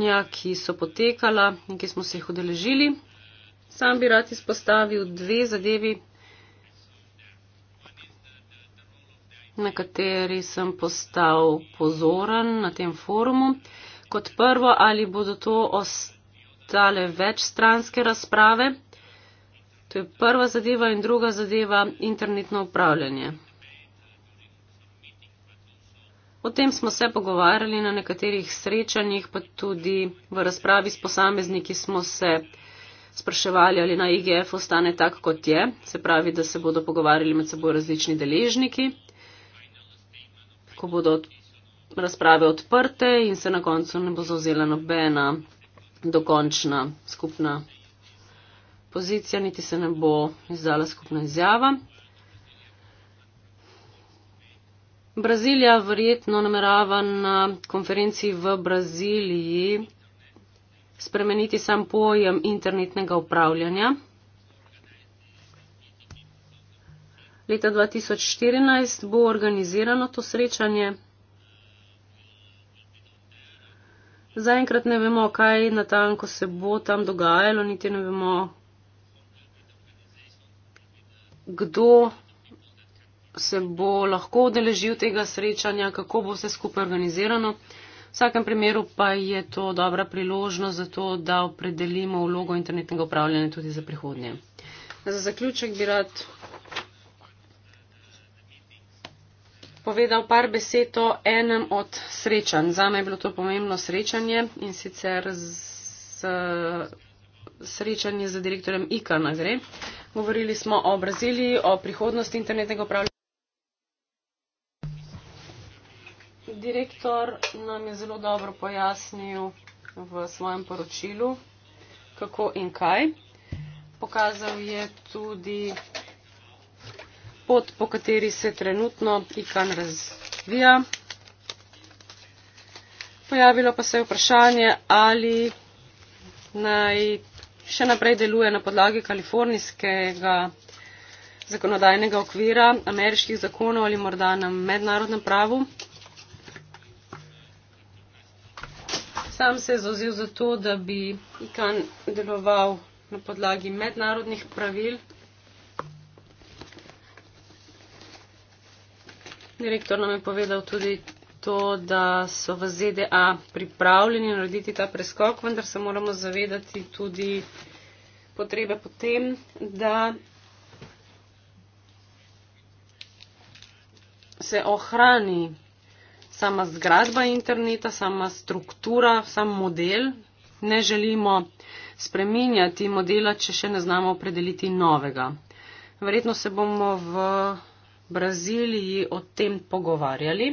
srečanja, ki so potekala in ki smo se jih odeležili. Sam bi rad izpostavil dve zadevi, na kateri sem postal pozoren na tem forumu. Kot prvo, ali bodo to ostale večstranske razprave. To je prva zadeva in druga zadeva internetno upravljanje. O tem smo se pogovarjali na nekaterih srečanjih, pa tudi v razpravi s posamezniki smo se spraševali, ali na IGF ostane tak, kot je, se pravi, da se bodo pogovarjali med seboj različni deležniki, ko bodo razprave odprte in se na koncu ne bo zauzela nobena dokončna skupna pozicija, niti se ne bo izdala skupna izjava. Brazilija verjetno namerava na konferenci v Braziliji spremeniti sam pojem internetnega upravljanja. Leta 2014 bo organizirano to srečanje. Zaenkrat ne vemo, kaj natanko se bo tam dogajalo, niti ne vemo, kdo se bo lahko odeležil tega srečanja, kako bo vse skupaj organizirano. V vsakem primeru pa je to dobra priložnost za to, da opredelimo vlogo internetnega upravljanja tudi za prihodnje. Za zaključek bi rad povedal par besed o enem od srečanj. Zame je bilo to pomembno srečanje in sicer z, z, srečanje z direktorem IKA na gre. Govorili smo o Braziliji, o prihodnosti internetnega upravljanja. direktor nam je zelo dobro pojasnil v svojem poročilu, kako in kaj. Pokazal je tudi pot, po kateri se trenutno IKAN razvija. Pojavilo pa se je vprašanje, ali naj še naprej deluje na podlagi kalifornijskega zakonodajnega okvira, ameriških zakonov ali morda na mednarodnem pravu. sam se je zauzel za to, da bi IKAN deloval na podlagi mednarodnih pravil. Direktor nam je povedal tudi to, da so v ZDA pripravljeni narediti ta preskok, vendar se moramo zavedati tudi potrebe potem, da se ohrani sama zgradba interneta, sama struktura, sam model. Ne želimo spreminjati modela, če še ne znamo opredeliti novega. Verjetno se bomo v Braziliji o tem pogovarjali.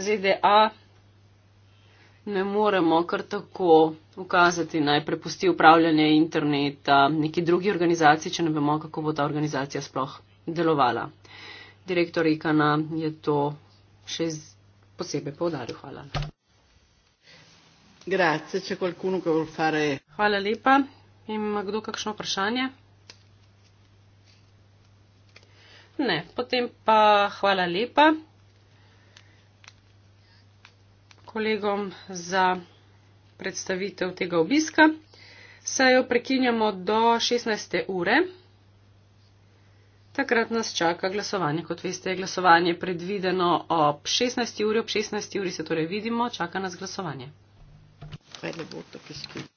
ZDA ne moremo kar tako ukazati, naj prepusti upravljanje interneta neki drugi organizaciji, če ne vemo, kako bo ta organizacija sploh delovala. Direktor Ikana je to še posebej povdaril. Hvala. Grazie, če qualcuno che vuol fare. Hvala lepa. Ima kdo kakšno vprašanje? Ne, potem pa hvala lepa kolegom za predstavitev tega obiska. Sejo prekinjamo do 16. ure takrat nas čaka glasovanje. Kot veste, je glasovanje predvideno ob 16. uri, ob 16. uri se torej vidimo, čaka nas glasovanje. Hvala lepa, da ste prišli.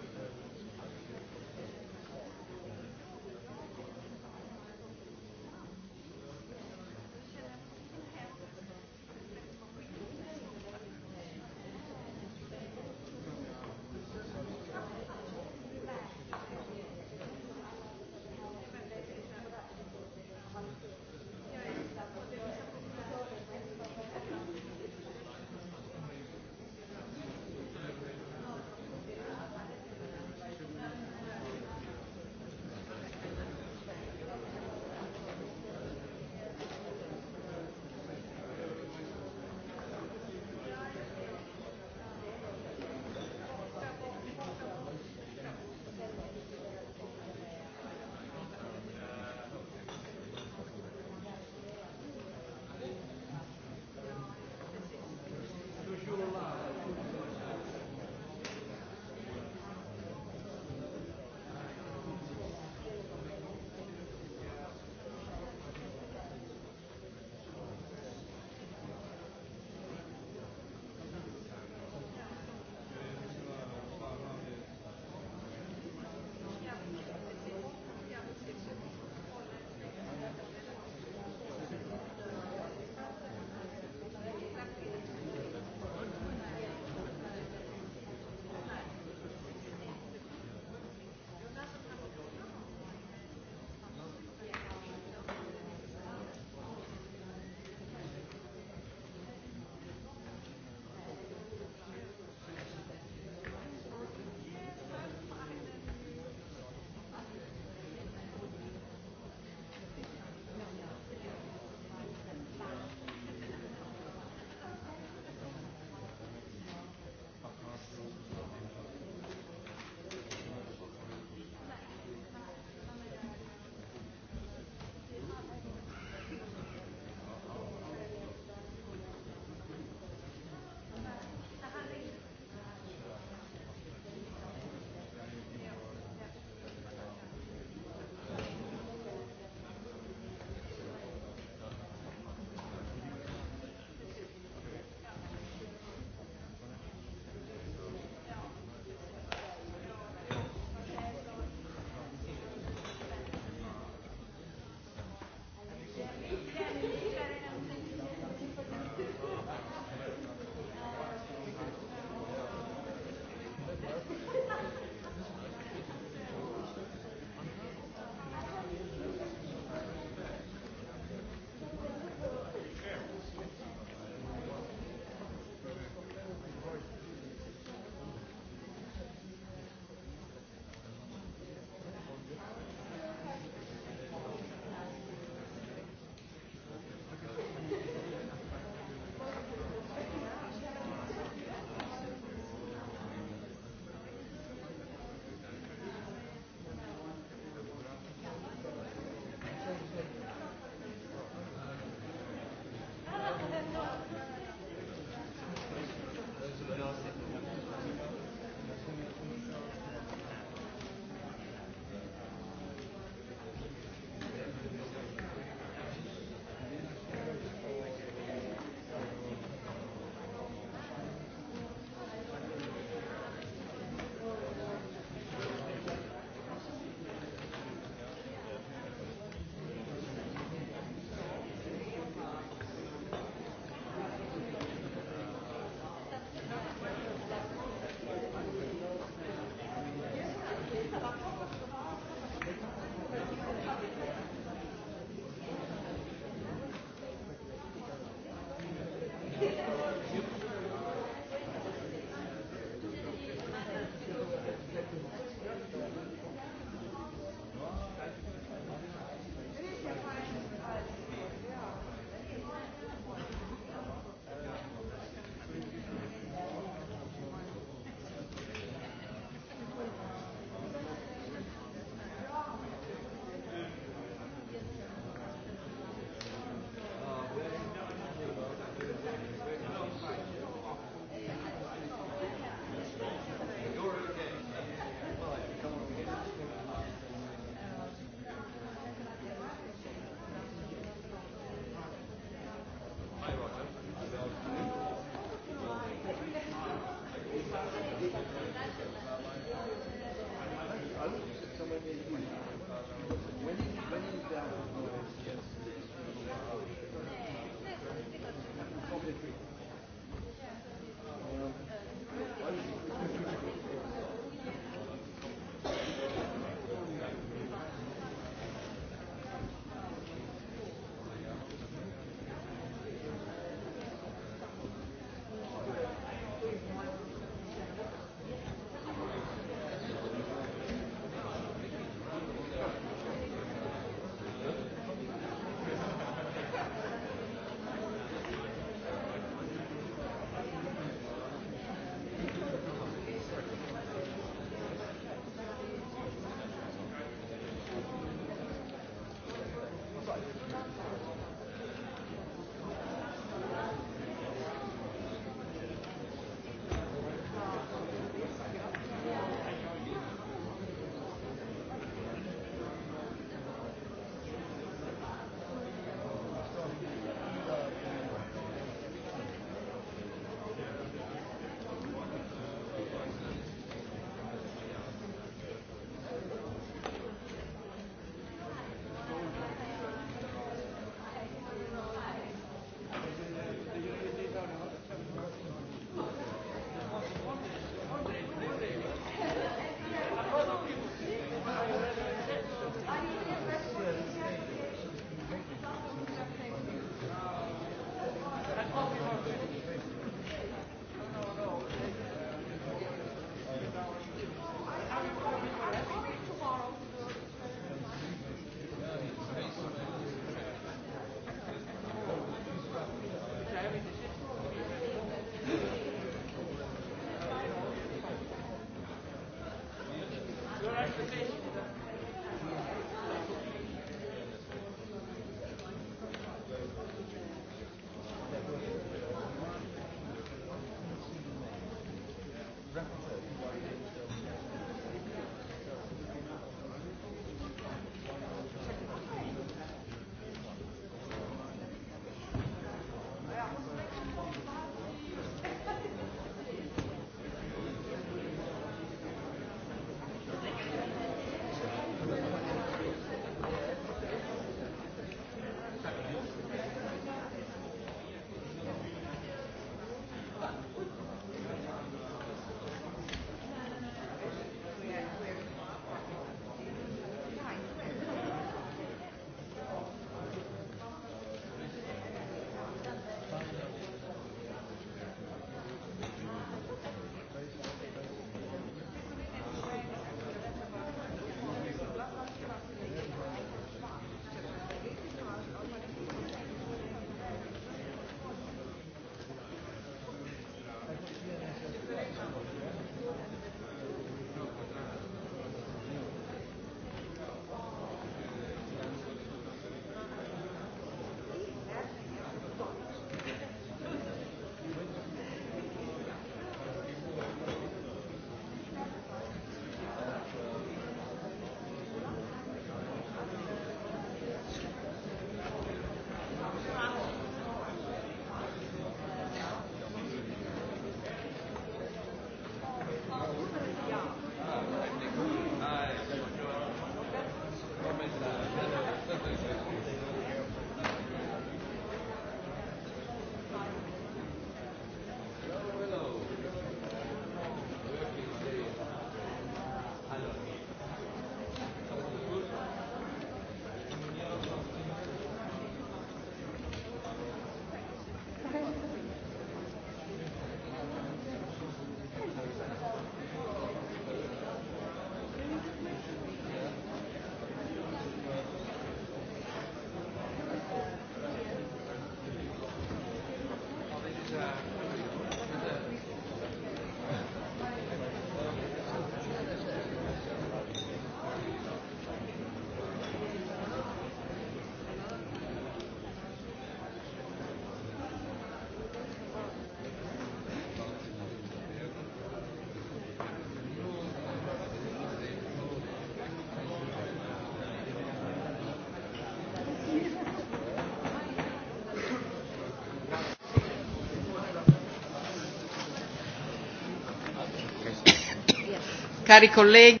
Kari kolegi,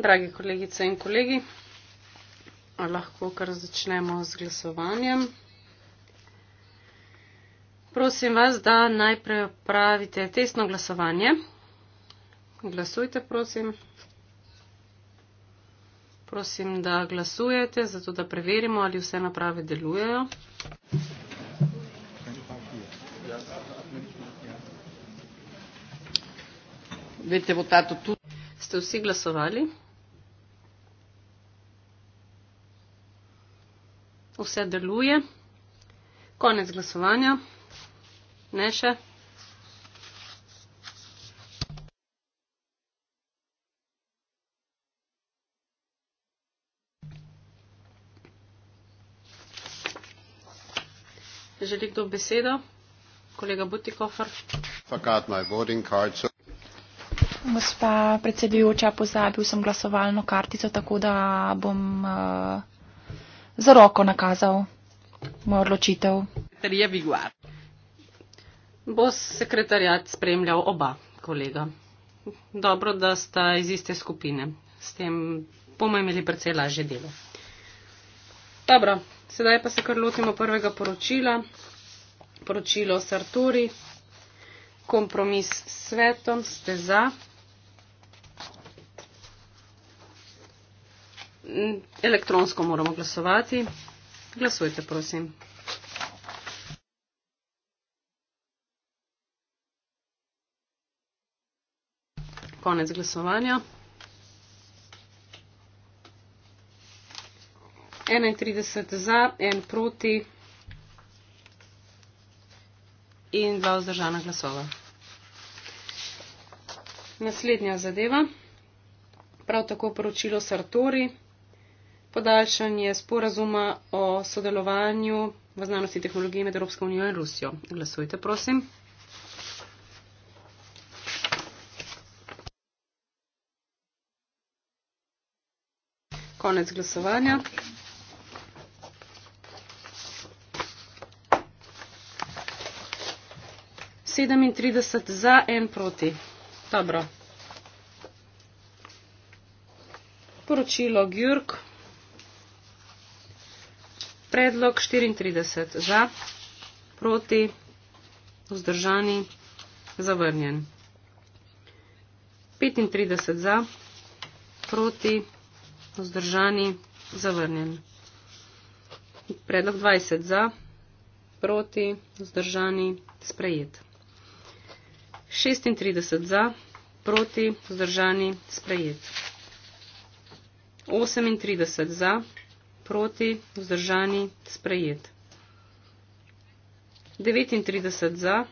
dragi kolegice in kolegi, lahko kar začnemo z glasovanjem. Prosim vas, da najprej pravite tesno glasovanje. Glasujte, prosim. Prosim, da glasujete, zato da preverimo, ali vse naprave delujejo. avete votato tutti. Ste vsi glasovali? Vse deluje. Konec glasovanja. Ne še. Želi kdo besedo? Kolega Butikofer. Forgot my voting card. So gospa predsedujoča, pozabil sem glasovalno kartico, tako da bom uh, za roko nakazal moj odločitev. Bo sekretarjat spremljal oba kolega. Dobro, da sta iz iste skupine. S tem bomo imeli precej lažje delo. Dobro, sedaj pa se kar lotimo prvega poročila. Poročilo s Arturi. Kompromis s svetom ste za. elektronsko moramo glasovati. Glasujte, prosim. Konec glasovanja. 31 za, 1 proti in 2 vzdržana glasova. Naslednja zadeva, prav tako poročilo Sartori podaljšanje sporazuma o sodelovanju v znanosti in tehnologiji med Evropsko unijo in Rusijo. Glasujte, prosim. Konec glasovanja. Sedemintrideset za, en proti. Dobro. Poročilo Gjurk predlog 34 za, proti, vzdržani, zavrnjen. 35 za, proti, vzdržani, zavrnjen. Predlog 20 za, proti, vzdržani, sprejet. 36 za, proti, vzdržani, sprejet. 38 za, proti, vzdržani, sprejet proti, vzdržani, sprejet. 39 za,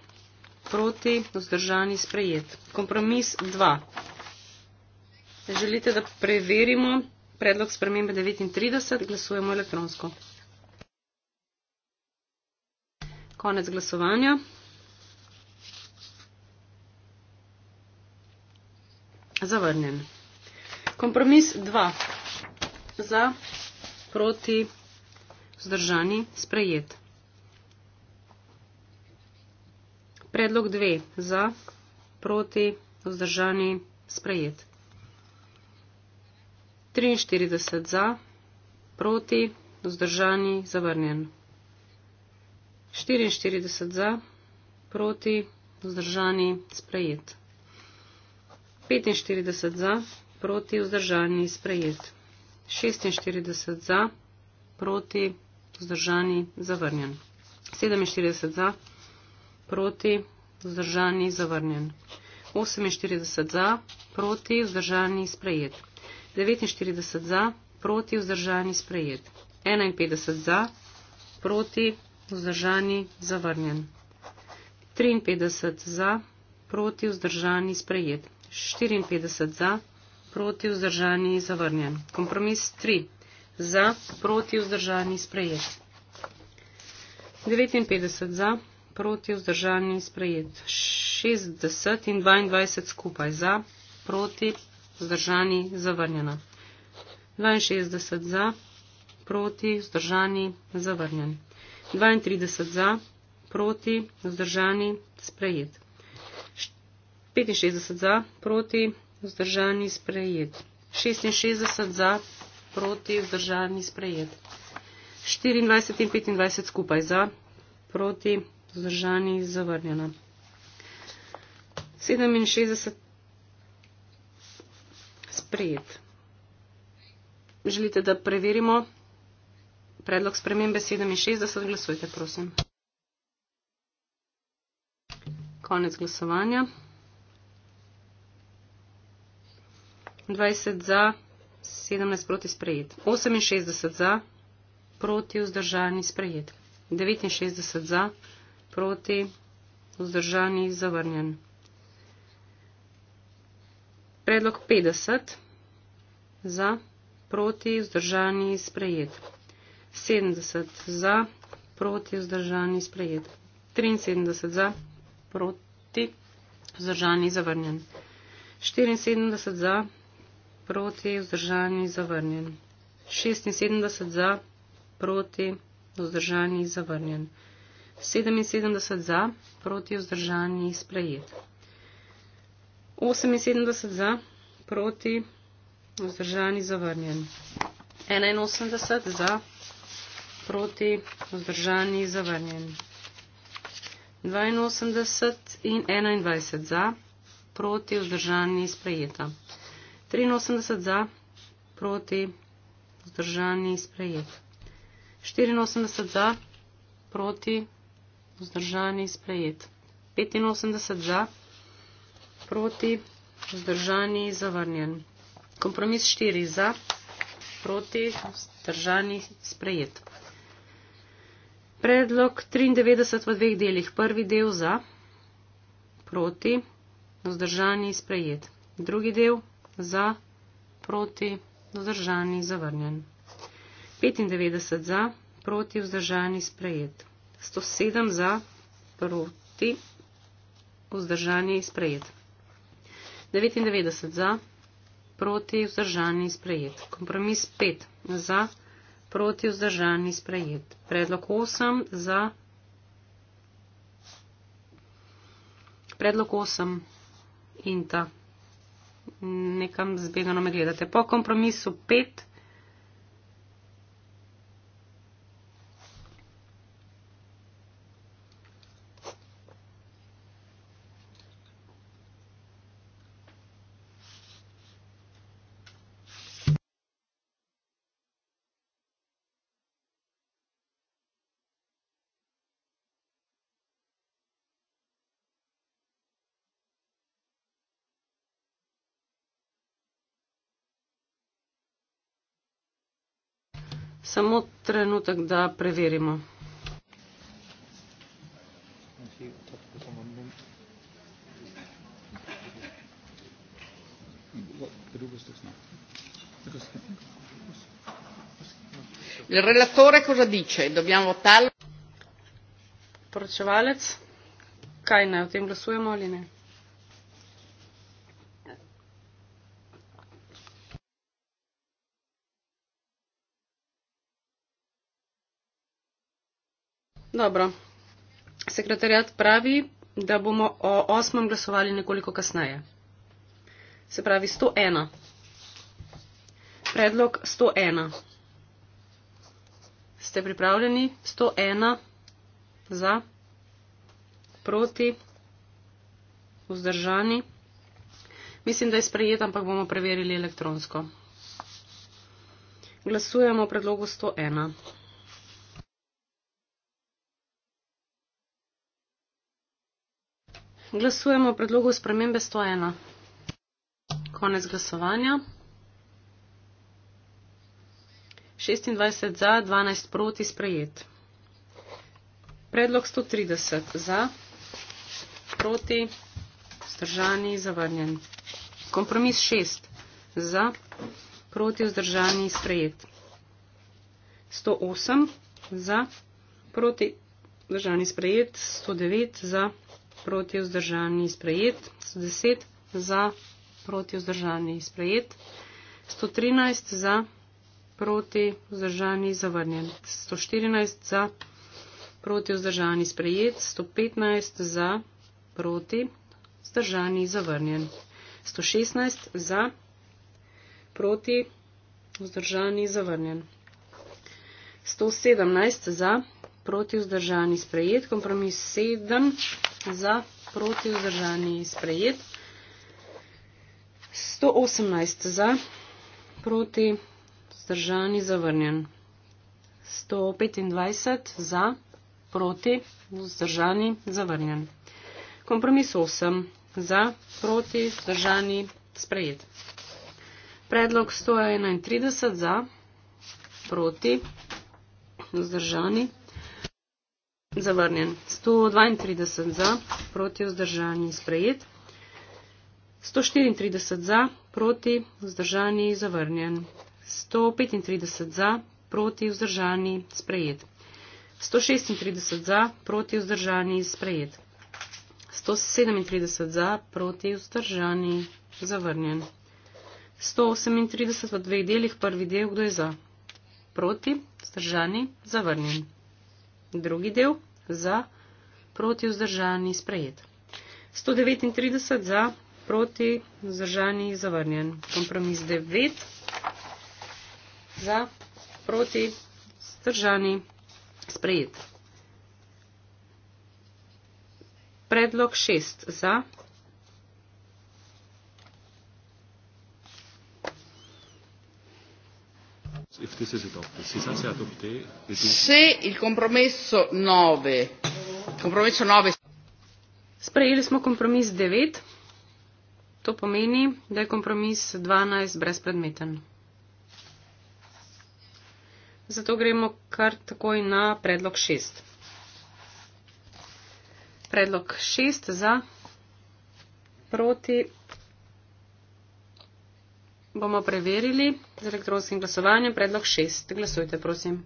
proti, vzdržani, sprejet. Kompromis 2. Želite, da preverimo predlog spremembe 39, glasujemo elektronsko. Konec glasovanja. Zavrnjen. Kompromis 2. Za proti, vzdržani, sprejet. Predlog dve, za, proti, vzdržani, sprejet. 43 za, proti, vzdržani, zavrnjen. 44 za, proti, vzdržani, sprejet. 45 za, proti, vzdržani, sprejet. 45 za, proti, vzdržani, sprejet. 46 za, proti, vzdržani, zavrnjen. 47 za, proti, vzdržani, zavrnjen. 48 za, proti, vzdržani, sprejet. 49 za, proti, vzdržani, sprejet. 51 za, proti, vzdržani, zavrnjen. 53 za, proti, vzdržani, sprejet. 54 za, proti, vzdržani, sprejet proti vzdržani zavrnjen. Kompromis 3. Za proti vzdržani sprejet. 59 za proti vzdržani sprejet. 60 in 22 skupaj za proti vzdržani zavrnjena. 62 za proti vzdržani zavrnjen. 32 za proti vzdržani sprejet. 65 za proti vzdržani sprejet. 66 za, proti, vzdržani sprejet. 24 in 25 skupaj za, proti, vzdržani zavrnjena. 67 sprejet. Želite, da preverimo predlog spremembe 67? Glasujte, prosim. Konec glasovanja. 20 za, 17 proti sprejet. 68 za, proti vzdržani sprejet. 69 za, proti vzdržani zavrnjen. Predlog 50 za, proti vzdržani sprejet. 70 za, proti vzdržani sprejet. 73 za, proti vzdržani zavrnjen. 74 za, proti vzdržani zavrnjen proti, vzdržani, zavrnjen. 76 za, proti, vzdržani, zavrnjen. 77 za, proti, vzdržani, sprejet. 78 za, proti, vzdržani, zavrnjen. 81 za, proti, vzdržani, zavrnjen. 82 in 21 za, proti, vzdržani, sprejeta. 83 za, proti, vzdržani, sprejet. 84 za, proti, vzdržani, sprejet. 85 za, proti, vzdržani, zavrnjen. Kompromis 4 za, proti, vzdržani, sprejet. Predlog 93 v dveh delih. Prvi del za, proti, vzdržani, sprejet. Drugi del, za, proti, vzdržani, zavrnjen. 95 za, proti, vzdržani, sprejet. 107 za, proti, vzdržani, sprejet. 99 za, proti, vzdržani, sprejet. Kompromis 5 za, proti, vzdržani, sprejet. Predlog 8 za. Predlog 8 in ta nekam zbegano me gledate. Po kompromisu 5, Samo trenutek, da preverimo. Il relatore cosa dice? Dobbiamo votarlo? Poročevalec, kaj naj o tem glasujemo ali ne? Dobro. Sekretarjat pravi, da bomo o osmem glasovali nekoliko kasneje. Se pravi 101. Predlog 101. Ste pripravljeni? 101 za, proti, vzdržani. Mislim, da je sprejet, ampak bomo preverili elektronsko. Glasujemo o predlogu 101. Glasujemo o predlogu spremembe 101. Konec glasovanja. 26 za, 12 proti sprejet. Predlog 130 za, proti, vzdržani, zavrnjen. Kompromis 6 za, proti, vzdržani, sprejet. 108 za, proti, vzdržani, sprejet. 109 za, proti proti vzdržani sprejet, 110 za proti vzdržani sprejet, 113 za proti vzdržani zavrnjen, 114 za proti vzdržani sprejet, 115 za proti vzdržani zavrnjen, 116 za proti vzdržani zavrnjen, 117 za proti vzdržani sprejet, kompromis 7 za za, proti vzdržani, sprejet. 118 za, proti vzdržani, zavrnjen. 125 za, proti vzdržani, zavrnjen. Kompromis 8 za, proti vzdržani, sprejet. Predlog 131 za, proti vzdržani, zavrnjen. Zavrnjen. 132 za, proti vzdržani sprejet. 134 za, proti vzdržani zavrnjen. 135 za, proti vzdržani sprejet. 136 za, proti vzdržani sprejet. 137 za, proti vzdržani zavrnjen. 138 v dveh delih, prvi del, kdo je za? Proti, vzdržani, zavrnjen drugi del za proti vzdržani sprejet. 139 za proti vzdržani zavrnjen. Kompromis 9 za proti vzdržani sprejet. Predlog 6 za se il compromesso 9 compromesso 9 sprejeli smo kompromis 9 to pomeni da je kompromis 12 brezpredmeten zato gremo kar takoj na predlog 6 predlog 6 za proti bomo preverili z elektronskim glasovanjem. Predlog šest. Glasujte, prosim.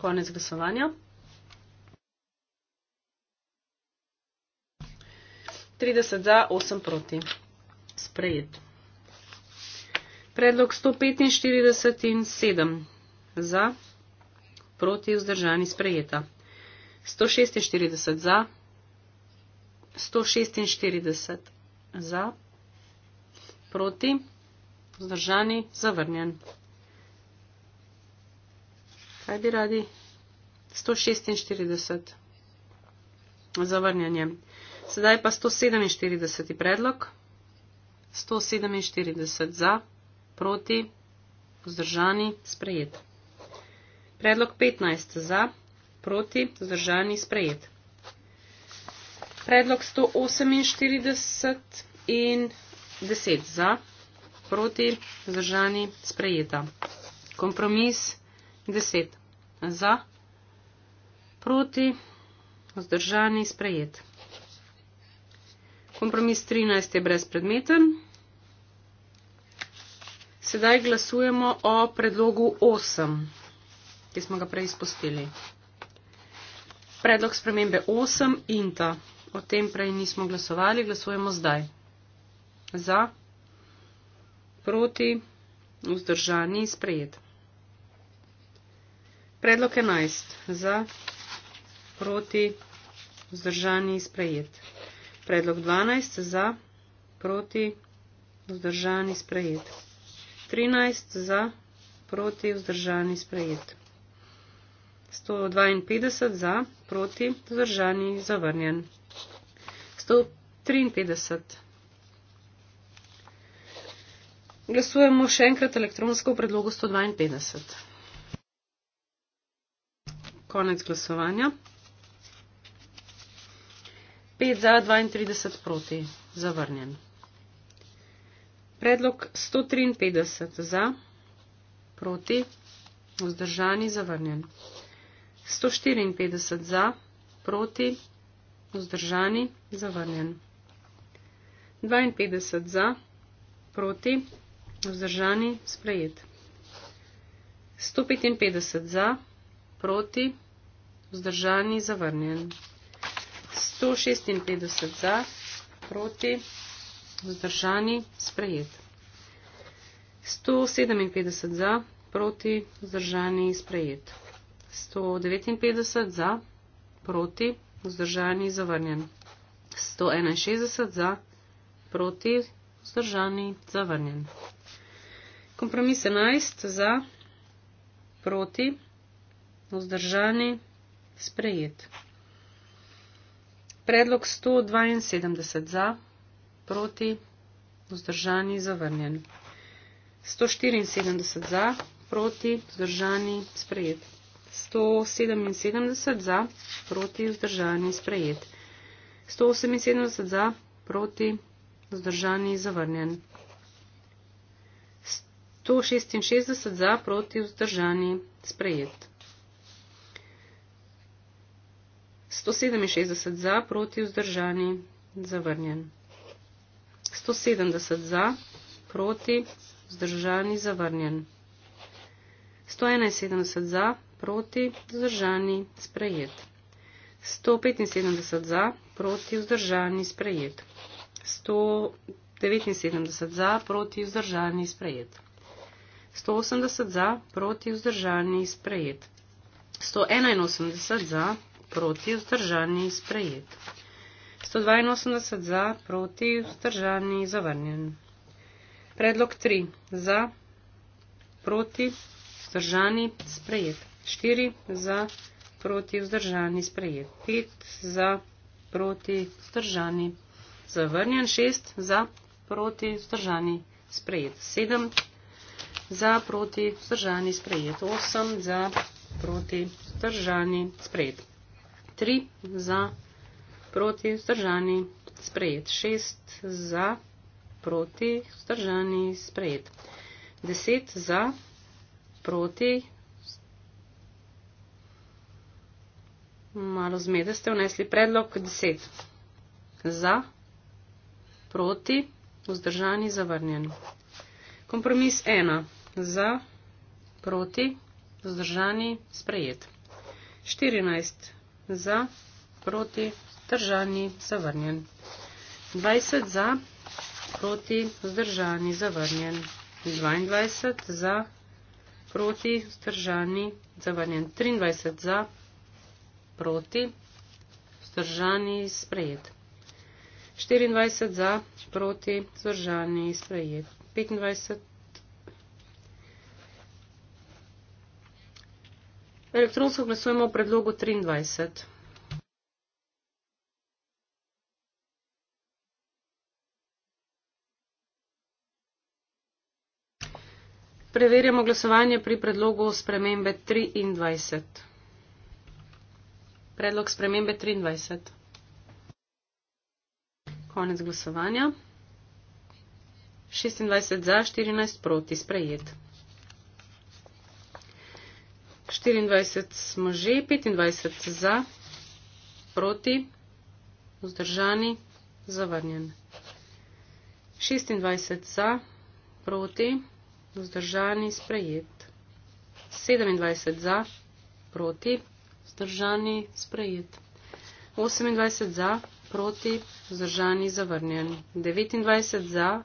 Konec glasovanja. 30 za, 8 proti. Sprejet. Predlog 145 in 7 za, proti vzdržani sprejeta. 146 za, 146 za, proti, vzdržani, zavrnjen. Kaj bi radi? 146. Zavrnjanje. Sedaj pa 147. predlog. 147 za, proti, vzdržani, sprejet. Predlog 15 za, proti, vzdržani, sprejet predlog 148 in 10 za, proti, zdržani, sprejeta. Kompromis 10 za, proti, zdržani, sprejet. Kompromis 13 je brezpredmeten. Sedaj glasujemo o predlogu 8, ki smo ga prej izpustili. Predlog spremembe 8 in ta o tem prej nismo glasovali, glasujemo zdaj. Za, proti, vzdržani, sprejet. Predlog 11. Za, proti, vzdržani, sprejet. Predlog 12. Za, proti, vzdržani, sprejet. 13. Za, proti, vzdržani, sprejet. 152 za, proti, vzdržani, zavrnjen. 153. Glasujemo še enkrat elektronsko v predlogu 152. Konec glasovanja. 5 za 32 proti. Zavrnjen. Predlog 153 za, proti, vzdržani, zavrnjen. 154 za, proti, vzdržani, zavrnjen. 52 za, proti, vzdržani, sprejet. 155 za, proti, vzdržani, zavrnjen. 156 za, proti, vzdržani, sprejet. 157 za, proti, vzdržani, sprejet. 159 za, proti, vzdržani, sprejet vzdržani, zavrnjen. 161 za, proti, vzdržani, zavrnjen. Kompromis 11 za, proti, vzdržani, sprejet. Predlog 172 za, proti, vzdržani, zavrnjen. 174 za, proti, vzdržani, sprejet. 177 za, proti vzdržani sprejet. 178 za, proti vzdržani zavrnjen. 166 za, proti vzdržani sprejet. 167 za, proti vzdržani zavrnjen. 170 za, proti vzdržani zavrnjen. 171 za, proti, vzdržani, sprejet. 175 za, proti, vzdržani, sprejet. 179 za, proti, vzdržani, sprejet. 180 za, proti, vzdržani, sprejet. 181 za, proti, vzdržani, sprejet. 182 za, proti, vzdržani, zavrnjen. Predlog 3. Za, proti, vzdržani, sprejet. 4 za, proti vzdržani sprejet, 5 za, proti vzdržani zavrnjen, 6 za, proti vzdržani sprejet, 7 za, proti vzdržani sprejet, 8 za, proti vzdržani sprejet, 3 za, proti vzdržani sprejet, 6 za, proti vzdržani sprejet, 10 za, proti vzdržani sprejet, malo zmede ste vnesli predlog 10. Za, proti, vzdržani, zavrnjen. Kompromis 1. Za, proti, vzdržani, sprejet. 14. Za, proti, vzdržani, zavrnjen. 20. Za, proti, vzdržani, zavrnjen. 22. Za, proti, vzdržani, zavrnjen. 23. Za, proti, vzdržani, zavrnjen proti, vzdržani, sprejet. 24 za, proti, vzdržani, sprejet. 25. Elektronsko glasujemo v predlogu 23. Preverjamo glasovanje pri predlogu spremembe 23 predlog spremembe 23. Konec glasovanja. 26 za, 14 proti sprejet. 24 smo že, 25 za, proti, vzdržani, zavrnjen. 26 za, proti, vzdržani, sprejet. 27 za, proti, Zdržani, sprejet. 28 za, proti, zdržani, zavrnjen. 29 za,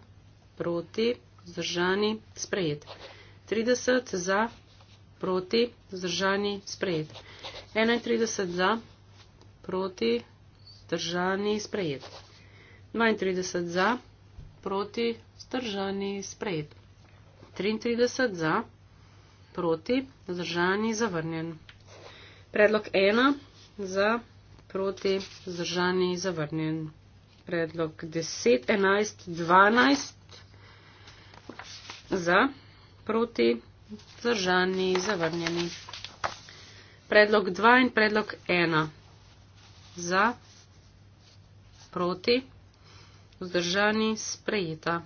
proti, zdržani, sprejet. 30 za, proti, zdržani, sprejet. 31 za, proti, zdržani, sprejet. 32 za, proti, zdržani, sprejet. 33 za, proti, zdržani, zavrnjen. Predlog ena za proti zdržani zavrnjen. Predlog 10, 11, 12 za proti zdržani zavrnjeni. Predlog 2 in predlog 1 za proti vzdržani sprejeta.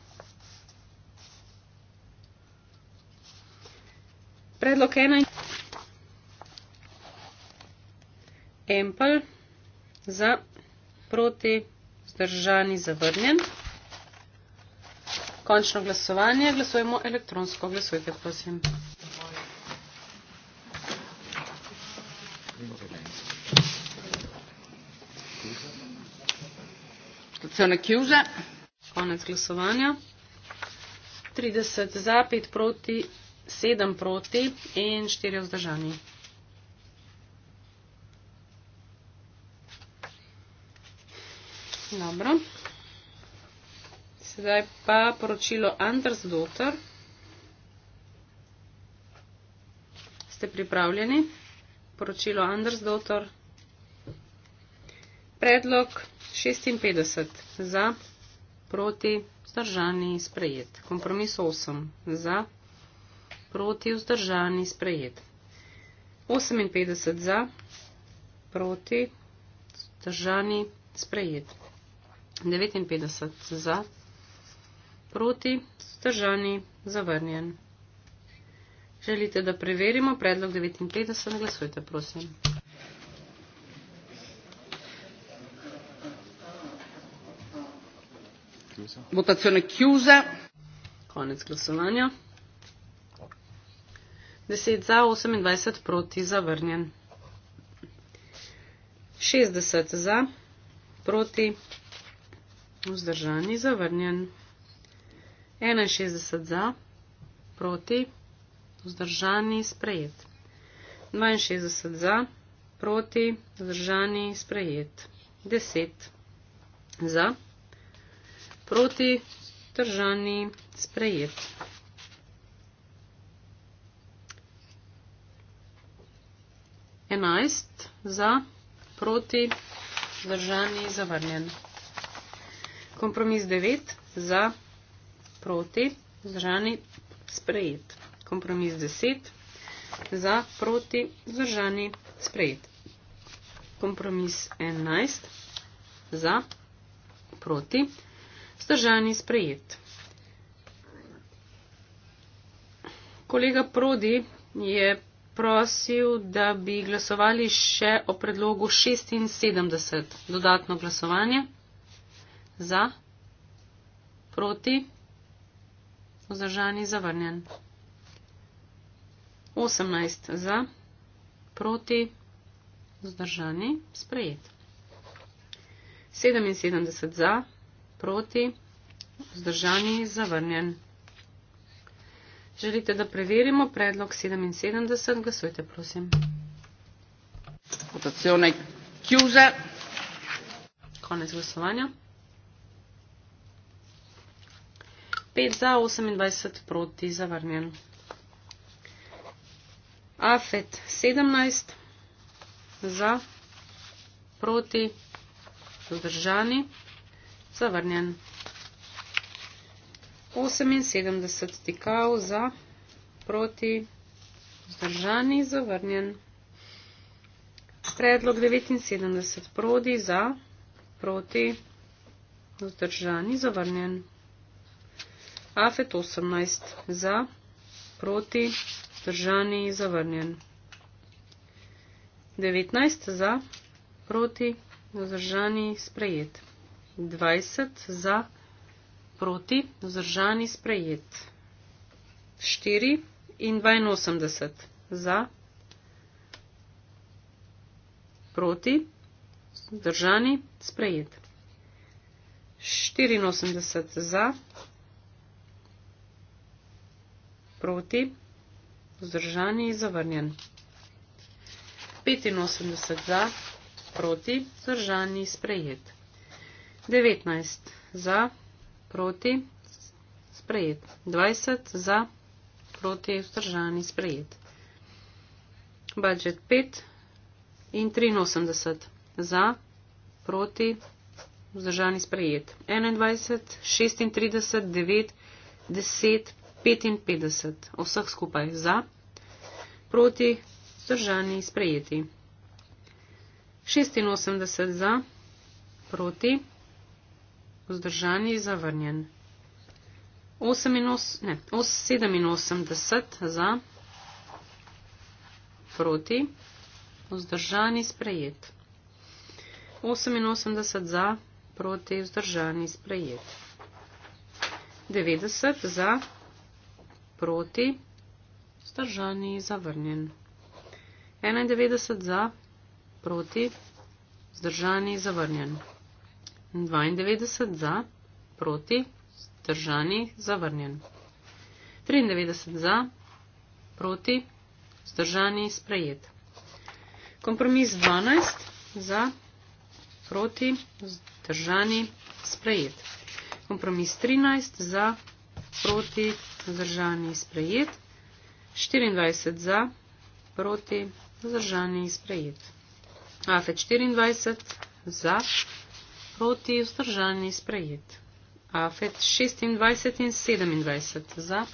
Predlog 1 in ampel za proti zdržani zavrnjen. Končno glasovanje, glasujemo elektronsko, glasujte prosim. Konec glasovanja. 30 za, 5 proti, 7 proti in 4 vzdržani. Dobro. Sedaj pa poročilo Anders Dotter. Ste pripravljeni? Poročilo Anders Dotter. Predlog 56 za, proti, vzdržani, sprejet. Kompromis 8 za, proti, vzdržani, sprejet. 58 za, proti, vzdržani, sprejet. 59 za, proti, zdržani, zavrnjen. Želite, da preverimo predlog 59, glasujte prosim. Votacione chiusa. Konec glasovanja. 10 za, 28 proti, zavrnjen. 60 za, proti, vzdržani, zavrnjen. 61 za, proti, vzdržani, sprejet. 62 za, proti, vzdržani, sprejet. 10 za, proti, vzdržani, sprejet. Enajst za, proti, zdržani, zavrnjen kompromis 9 za proti, zdržani sprejet. Kompromis 10 za proti, zdržani sprejet. Kompromis 11 za proti, zdržani sprejet. Kolega Prodi je prosil, da bi glasovali še o predlogu 76, dodatno glasovanje za, proti, vzdržani, zavrnjen. 18 za, proti, vzdržani, sprejet. 77 za, proti, vzdržani, zavrnjen. Želite, da preverimo predlog 77, glasujte prosim. Votazione chiusa. Con esclusione. 5 za, 28 proti, zavrnjen. Afet 17 za, proti, zdržani, zavrnjen. 78 stikav za, proti, zdržani, zavrnjen. Predlog 79 prodi za, proti, zdržani, zavrnjen. Afet 18 za, proti, držani, zavrnjen. 19 za, proti, zdržani, sprejet. 20 za, proti, zdržani, sprejet. 4 in 82 za, proti, zdržani, sprejet. 84 za, proti, vzdržani, zavrnjen. 85 za, proti, vzdržani, sprejet. 19 za, proti, sprejet. 20 za, proti, vzdržani, sprejet. Budget 5 in 83 za, proti, vzdržani, sprejet. 21, 36, 9, 10, 55 vseh skupaj za, proti, zdržani, sprejeti. 86 za, proti, vzdržani, zavrnjen. 87 za, proti, vzdržani, sprejet. 88 za, proti, vzdržani, sprejet. 90 za, proti proti, vzdržani, zavrnjen. 91 za, proti, vzdržani, zavrnjen. 92 za, proti, vzdržani, zavrnjen. 93 za, proti, vzdržani, sprejet. Kompromis 12 za, proti, vzdržani, sprejet. Kompromis 13 za, proti, vzdržani, sprejet zdržani sprejet, 24 za, proti, zdržani sprejet. AFE 24 za, proti, zdržani sprejet. AFE 26 in 27 za,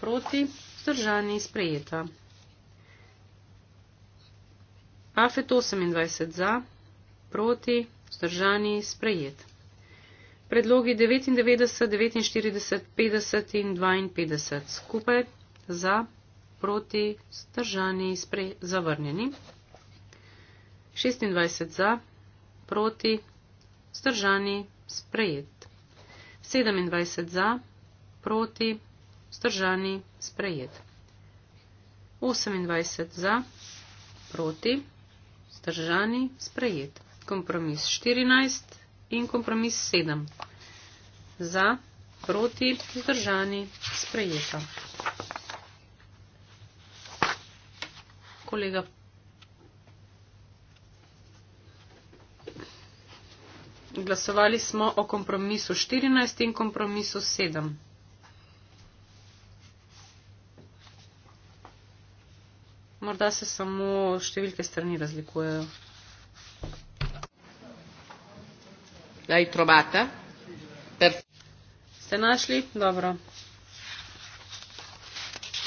proti, zdržani sprejeta. AFE 28 za, proti, zdržani sprejet predlogi 99, 49, 50 in 52 skupaj za, proti, zdržani, spre, zavrnjeni. 26 za, proti, zdržani, sprejet. 27 za, proti, zdržani, sprejet. 28 za, proti, zdržani, sprejet. Kompromis 14, in kompromis 7. Za, proti, zdržani, sprejeta. Kolega. Glasovali smo o kompromisu 14 in kompromisu 7. Morda se samo številke strani razlikujejo. L'hai trovata? Per... Ste našli? Dobro.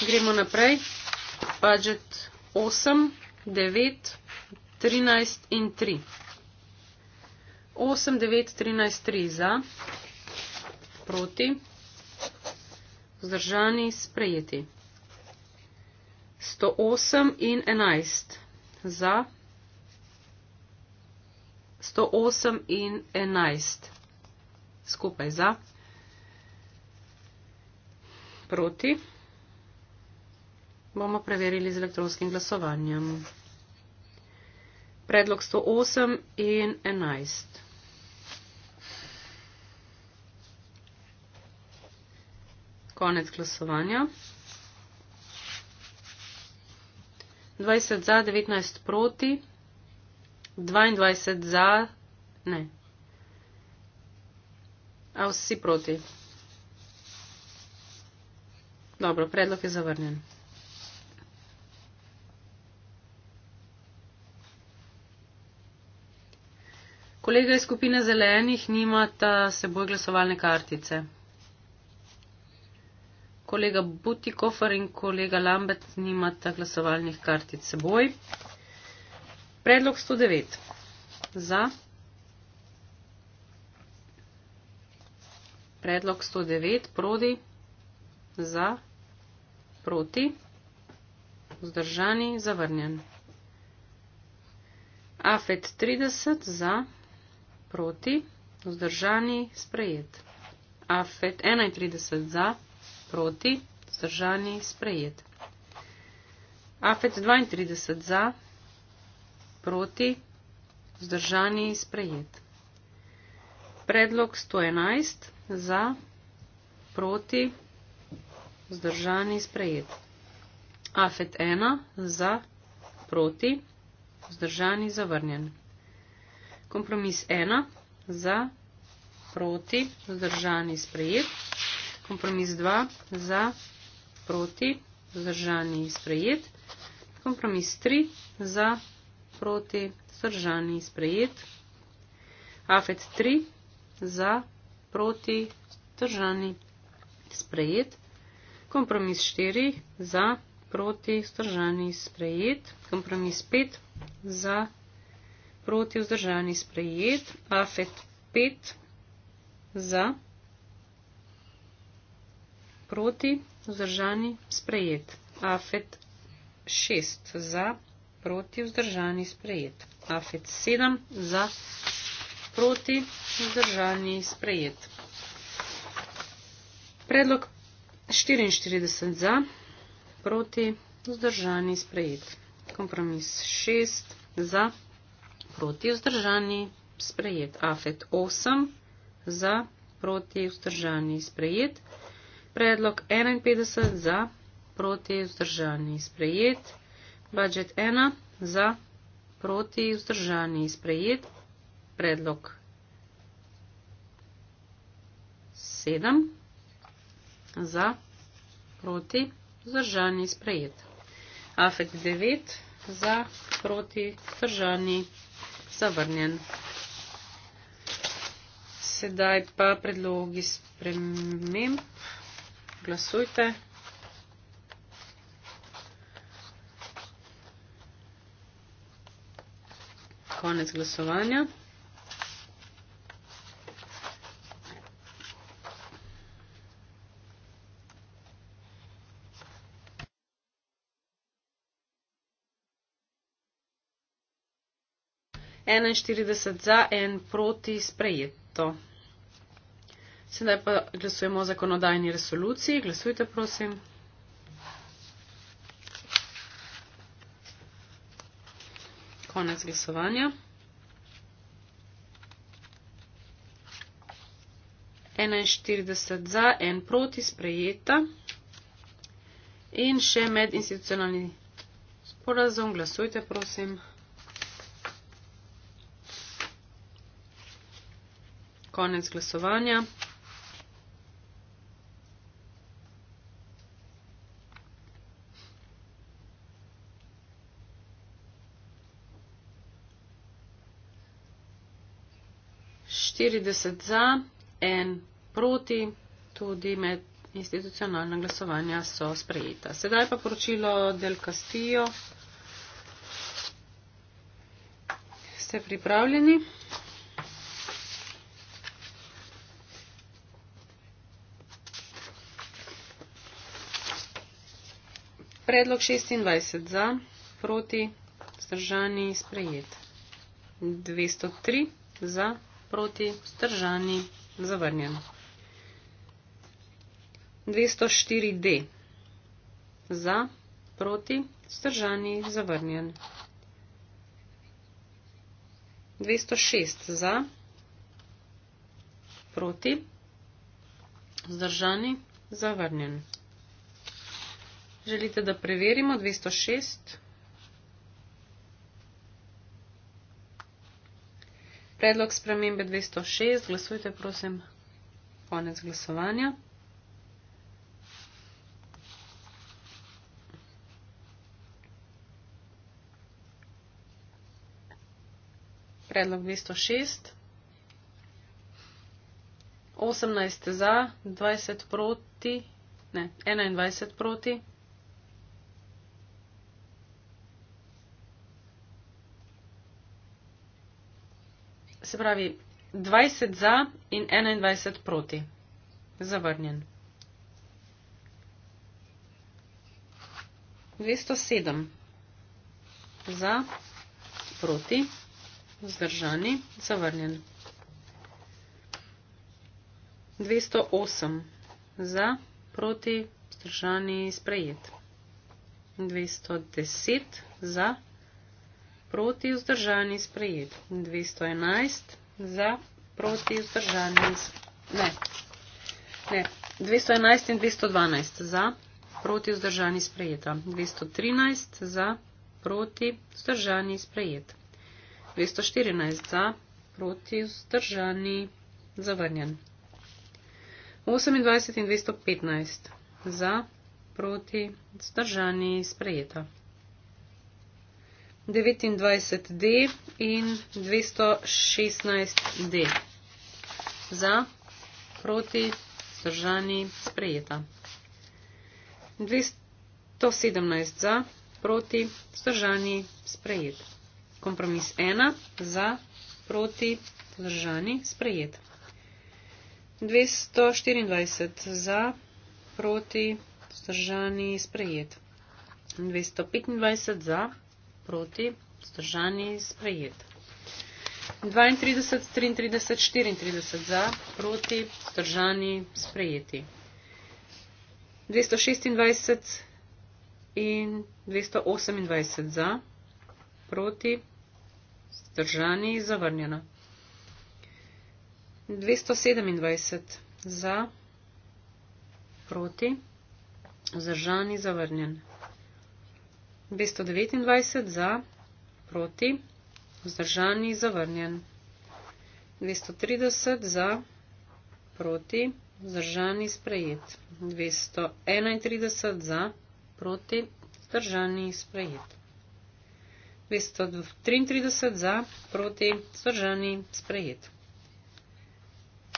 Gremo naprej. Budget 8, 9, 13 in 3. 8, 9, 13, 3 za, proti, vzdržani, sprejeti. 108 in 11 za, 108 in 11 skupaj za, proti, bomo preverili z elektronskim glasovanjem. Predlog 108 in 11. Konec glasovanja. 20 za, 19 proti. 22 za, ne. A vsi proti. Dobro, predlog je zavrnjen. Kolega iz skupine zelenih nimata seboj glasovalne kartice. Kolega Butikofer in kolega Lambet nimata glasovalnih kartic seboj. Predlog 109. Za. Predlog 109. Prodi. Za. Proti. Vzdržani. Zavrnjen. AFET 30. Za. Proti. Vzdržani. Sprejet. AFET 31. Za. Proti. Vzdržani. Sprejet. AFET 32. Za. Proti proti, vzdržani in sprejet. Predlog 111 za, proti, vzdržani in sprejet. Afet 1 za, proti, vzdržani in zavrnjen. Kompromis 1 za, proti, vzdržani in sprejet. Kompromis 2 za, proti, vzdržani in sprejet. Kompromis 3 za, proti, vzdržani in sprejet proti, sržani sprejet. Afet 3 za proti, sržani sprejet. Kompromis 4 za proti, sržani sprejet. Kompromis 5 za proti, sržani sprejet. Afet 5 za proti, sržani sprejet. Afet 6 za proti proti vzdržani sprejet. Afet 7 za proti vzdržani sprejet. Predlog 44 za proti vzdržani sprejet. Kompromis 6 za proti vzdržani sprejet. Afet 8 za proti vzdržani sprejet. Predlog 51 za proti vzdržani sprejet. Budžet ena za proti vzdržani sprejet. Predlog sedem za proti vzdržani sprejet. Afekt devet za proti vzdržani zavrnjen. Sedaj pa predlogi sprememb. Glasujte. konec glasovanja. Enajstirideset za en proti sprejeto. Sedaj pa glasujemo o zakonodajni resoluciji. Glasujte, prosim. konec glasovanja. 41 za, 1 proti, sprejeta. In še med institucionalni sporazum, glasujte prosim. Konec glasovanja. štirideset za, en proti, tudi med institucionalna glasovanja so sprejeta. Sedaj pa poročilo del Castillo. Ste pripravljeni? Predlog 26 za, proti, zdržani, sprejet. 203 za, proti, vzdržani, zavrnjen. 204D. Za, proti, vzdržani, zavrnjen. 206 za, proti, vzdržani, zavrnjen. Želite, da preverimo 206? 206. predlog spremembe 206, glasujte prosim, konec glasovanja. Predlog 206, 18 za, 20 proti, ne, 21 proti. se pravi 20 za in 21 proti. Zavrnjen. 207 za, proti, vzdržani, zavrnjen. 208 za, proti, vzdržani, sprejet. 210 za, proti proti vzdržani sprejet. 211 za proti vzdržani ne. Ne. 211 in 212 za proti vzdržani sprejeta. 213 za proti vzdržani sprejet. 214 za proti vzdržani zavrnjen. 28 in 215 za proti vzdržani sprejeta. 29D in 216D. Za, proti, zdržani, sprejeta. 217 za, proti, zdržani, sprejet. Kompromis 1 za, proti, zdržani, sprejet. 224 za, proti, zdržani, sprejet. 225 za, proti, zdržani, sprejet proti, vzdržani, sprejet. 32, 33, 34 za, proti, vzdržani, sprejeti. 226 in 228 za, proti, vzdržani, zavrnjeno. 227 za, proti, vzdržani, zavrnjeno. 229 za, proti, vzdržani, zavrnjen. 230 za, proti, vzdržani, sprejet. 231 za, proti, vzdržani, sprejet. 233 za, proti, vzdržani, sprejet.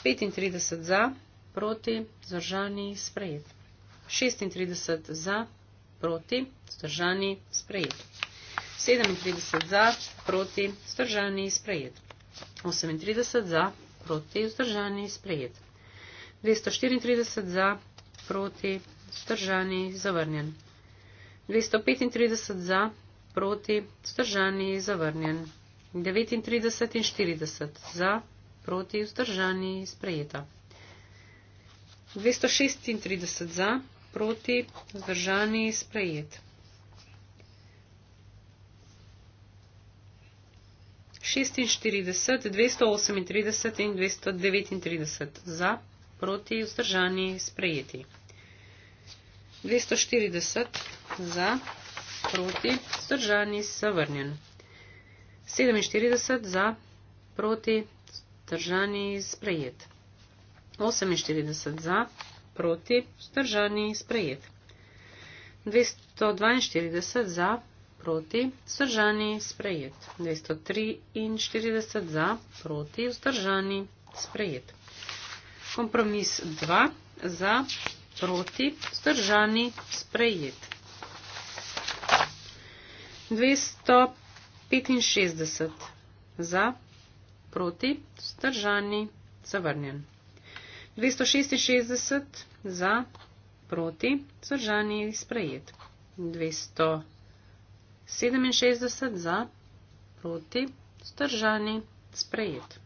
35 za, proti, vzdržani, sprejet. 36 za, proti, vzdržani, sprejet proti, zdržani, sprejet. 37 za, proti, zdržani, sprejet. 38 za, proti, zdržani, sprejet. 234 za, proti, zdržani, zavrnjen. 235 za, proti, zdržani, zavrnjen. 39 in 40 za, proti, vzdržani, sprejeta. 236 za, proti, vzdržani, sprejet. Šestinštirideset, dvesto osemintrideset in dvesto devetintrideset za, proti, vzdržani, sprejeti. Dvesto štirideset za, proti, vzdržani, zavrnjen. Sedeminštirideset za, proti, vzdržani, sprejet. Oseminštirideset za, proti, vzdržani, sprejet. 242 za, proti, vzdržani, sprejet. 243 za, proti, vzdržani, sprejet. Kompromis 2 za, proti, vzdržani, sprejet. 265 za, proti, vzdržani, zavrnjen. 266 za, proti, zdržani, sprejet. 267 za, proti, zdržani, sprejet.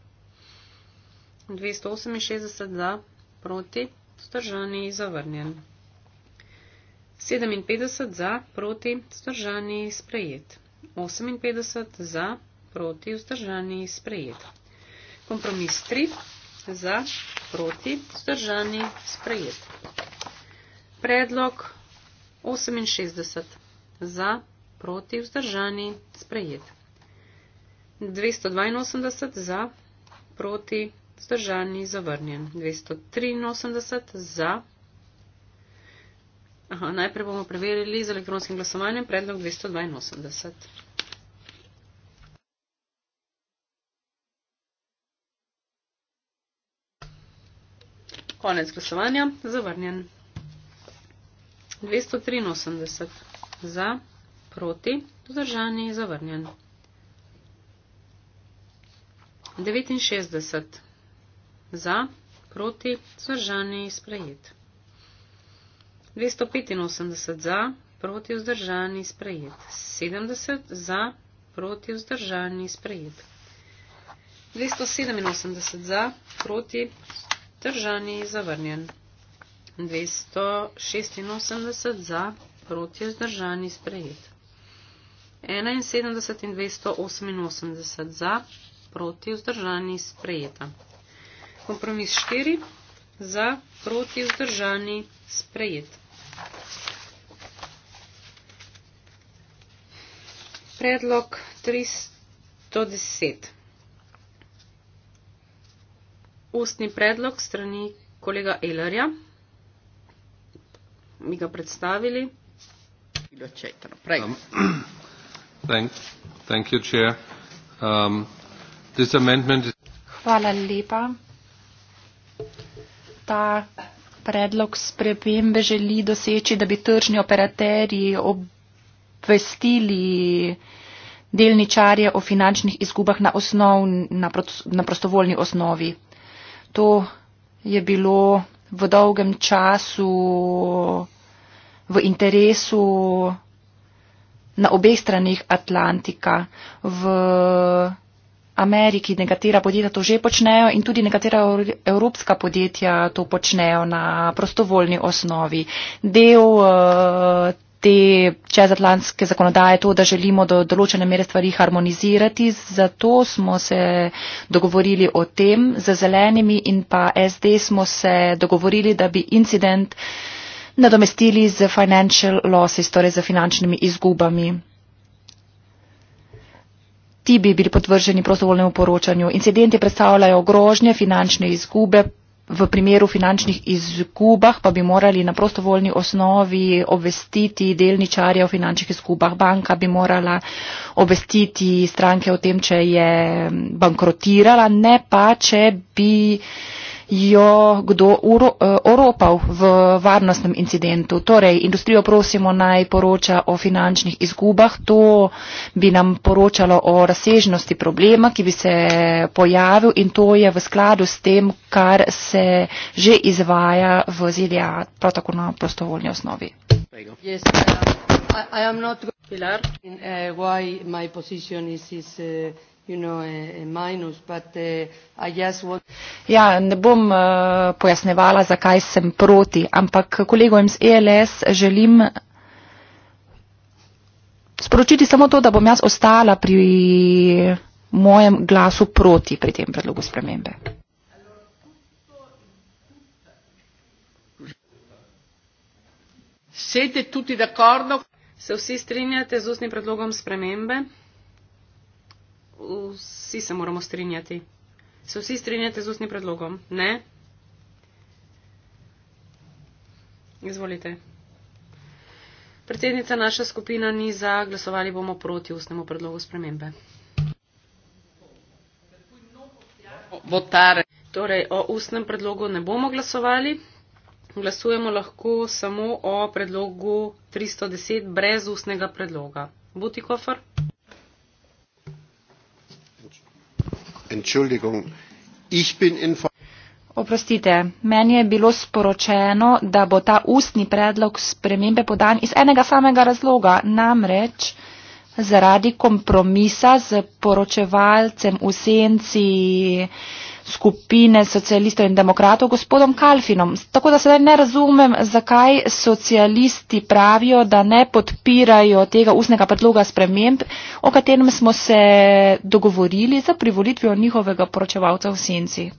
268 za, proti, zdržani, zavrnjen. 57 za, proti, zdržani, sprejet. 58 za, proti, zdržani, sprejet. Kompromis 3 za, proti, vzdržani, sprejet. Predlog 68 za, proti, vzdržani, sprejet. 282 za, proti, vzdržani, zavrnjen. 283 za. Aha, najprej bomo preverili z elektronskim glasovanjem predlog 282. Konec glasovanja. Zavrnjen. 283 za, proti, vzdržani, zavrnjen. 69 za, proti, vzdržani, sprejet. 285 za, proti, vzdržani, sprejet. 70 za, proti, vzdržani, sprejet. 287 za, proti, vzdržani. Držani zavrnjen. 286 za, proti je zdržani sprejet. 71 in 288 za, proti je zdržani sprejeta. Kompromis 4 za, proti je zdržani sprejet. Predlog 310 ustni predlog strani kolega Elarja. Mi ga predstavili. Um, Hvala lepa. Ta predlog spremembe želi doseči, da bi tržni operaterji obvestili delničarje o finančnih izgubah na, osnov, na, prost, na prostovoljni osnovi to je bilo v dolgem času v interesu na obeh stranih Atlantika. V Ameriki nekatera podjetja to že počnejo in tudi nekatera evropska podjetja to počnejo na prostovoljni osnovi. Del uh, te čezatlantske zakonodaje to, da želimo do določene mere stvari harmonizirati. Zato smo se dogovorili o tem za zelenimi in pa SD smo se dogovorili, da bi incident nadomestili z financial losses, torej z finančnimi izgubami. Ti bi bili podvrženi prostovoljnemu poročanju. Incidenti predstavljajo grožnje, finančne izgube, v primeru finančnih izgubah pa bi morali na prostovoljni osnovi obvestiti delničarja o finančnih izgubah. Banka bi morala obvestiti stranke o tem, če je bankrotirala, ne pa, če bi jo kdo eh, oropal v varnostnem incidentu. Torej, industrijo prosimo naj poroča o finančnih izgubah, to bi nam poročalo o razsežnosti problema, ki bi se pojavil in to je v skladu s tem, kar se že izvaja v ZDA, prav tako na prostovoljni osnovi. Yes, uh, I, I Eh, eh, eh, ja, ne bom pojasnevala, zakaj sem proti, ampak kolegom z ELS želim sporočiti samo to, da bom jaz ostala pri mojem glasu proti pri tem predlogu spremembe. Se vsi strinjate z ustnim predlogom spremembe? vsi se moramo strinjati. Se vsi strinjate z ustnim predlogom? Ne? Izvolite. Predsednica, naša skupina ni za, glasovali bomo proti ustnemu predlogu spremembe. Votare. Torej, o ustnem predlogu ne bomo glasovali. Glasujemo lahko samo o predlogu 310 brez ustnega predloga. Butikofer. Oprostite, meni je bilo sporočeno, da bo ta ustni predlog spremembe podan iz enega samega razloga, namreč zaradi kompromisa z poročevalcem v senci. Uh, skupine socialistov in demokratov gospodom Kalfinom. Tako da sedaj ne razumem, zakaj socialisti pravijo, da ne podpirajo tega usnega predloga sprememb, o katerem smo se dogovorili za privolitvijo njihovega poročevalca v senci.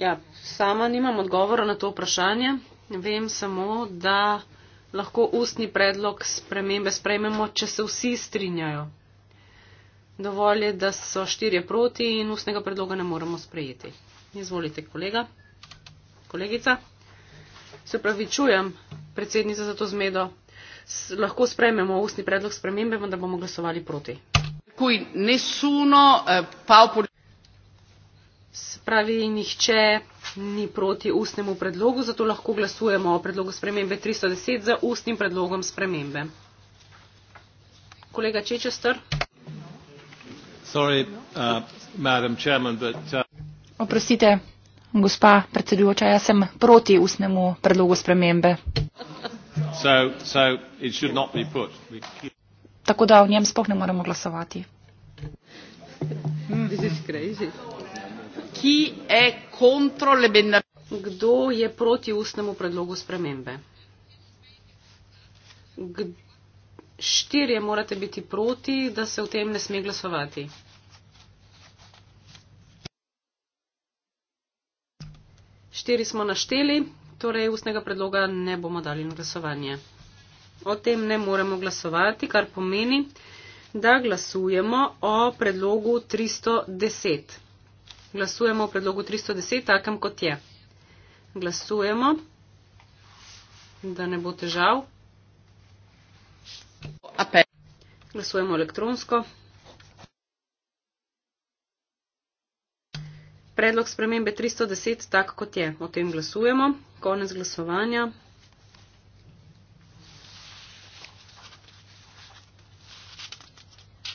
Ja, sama nimam odgovora na to vprašanje. Vem samo, da lahko ustni predlog spremembe sprejmemo, če se vsi strinjajo dovolj je, da so štirje proti in ustnega predloga ne moremo sprejeti. Izvolite, kolega, kolegica. Se pravi, čujem, predsednica za to zmedo, S, lahko sprejmemo ustni predlog spremembe, vendar bomo glasovali proti. Nesuno, eh, Spravi, nihče ni proti ustnemu predlogu, zato lahko glasujemo o predlogu spremembe 310 za ustnim predlogom spremembe. Kolega Čečester. Uh, uh, Oprostite, gospa predsedujoča, jaz sem proti ustnemu predlogu spremembe. So, so Tako da o njem spoh ne moremo glasovati. Hmm. Kdo je proti ustnemu predlogu spremembe? Kdo štirje morate biti proti, da se v tem ne sme glasovati. Štiri smo našteli, torej ustnega predloga ne bomo dali na glasovanje. O tem ne moremo glasovati, kar pomeni, da glasujemo o predlogu 310. Glasujemo o predlogu 310, takem kot je. Glasujemo, da ne bo težav apel. Glasujemo elektronsko. Predlog spremembe 310, tak kot je. O tem glasujemo. Konec glasovanja.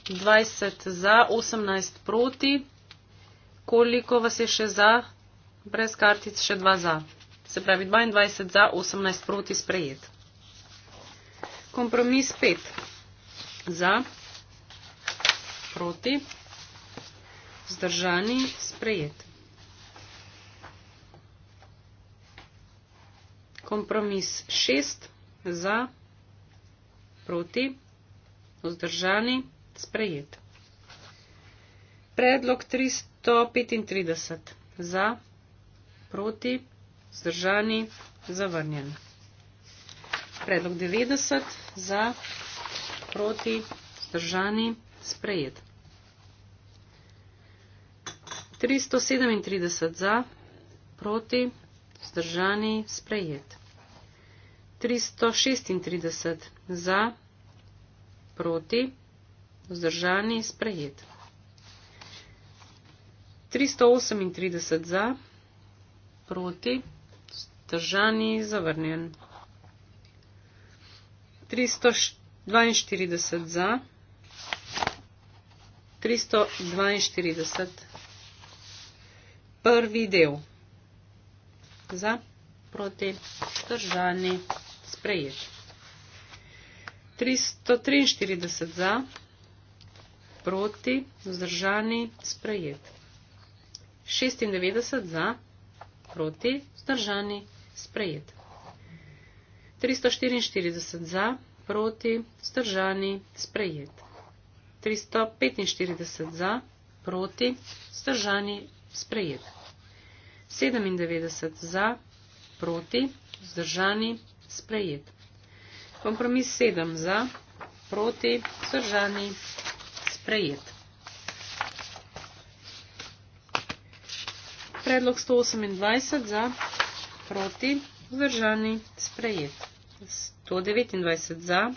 Dvajset za, osemnajst proti. Koliko vas je še za? Brez kartic še dva za. Se pravi, dvajset za, osemnajst proti sprejet. Kompromis pet za, proti, zdržani, sprejet. Kompromis šest za, proti, vzdržani, sprejet. Predlog 335 za, proti, vzdržani, zavrnjen. Predlog 90 za, proti proti, zdržani, sprejet. 337 za, proti, zdržani, sprejet. 336 za, proti, zdržani, sprejet. 338 za, proti, zdržani, zavrnjen. 340. 42 za, 342 prvi del za proti držani sprejet. 343 za proti vzdržani sprejet. 96 za proti vzdržani sprejet. 344 za proti vzdržani sprejet proti, vzdržani, sprejet. 345 za, proti, vzdržani, sprejet. 97 za, proti, vzdržani, sprejet. Kompromis 7 za, proti, vzdržani, sprejet. Predlog 128 za, proti, vzdržani, sprejet. 129 za,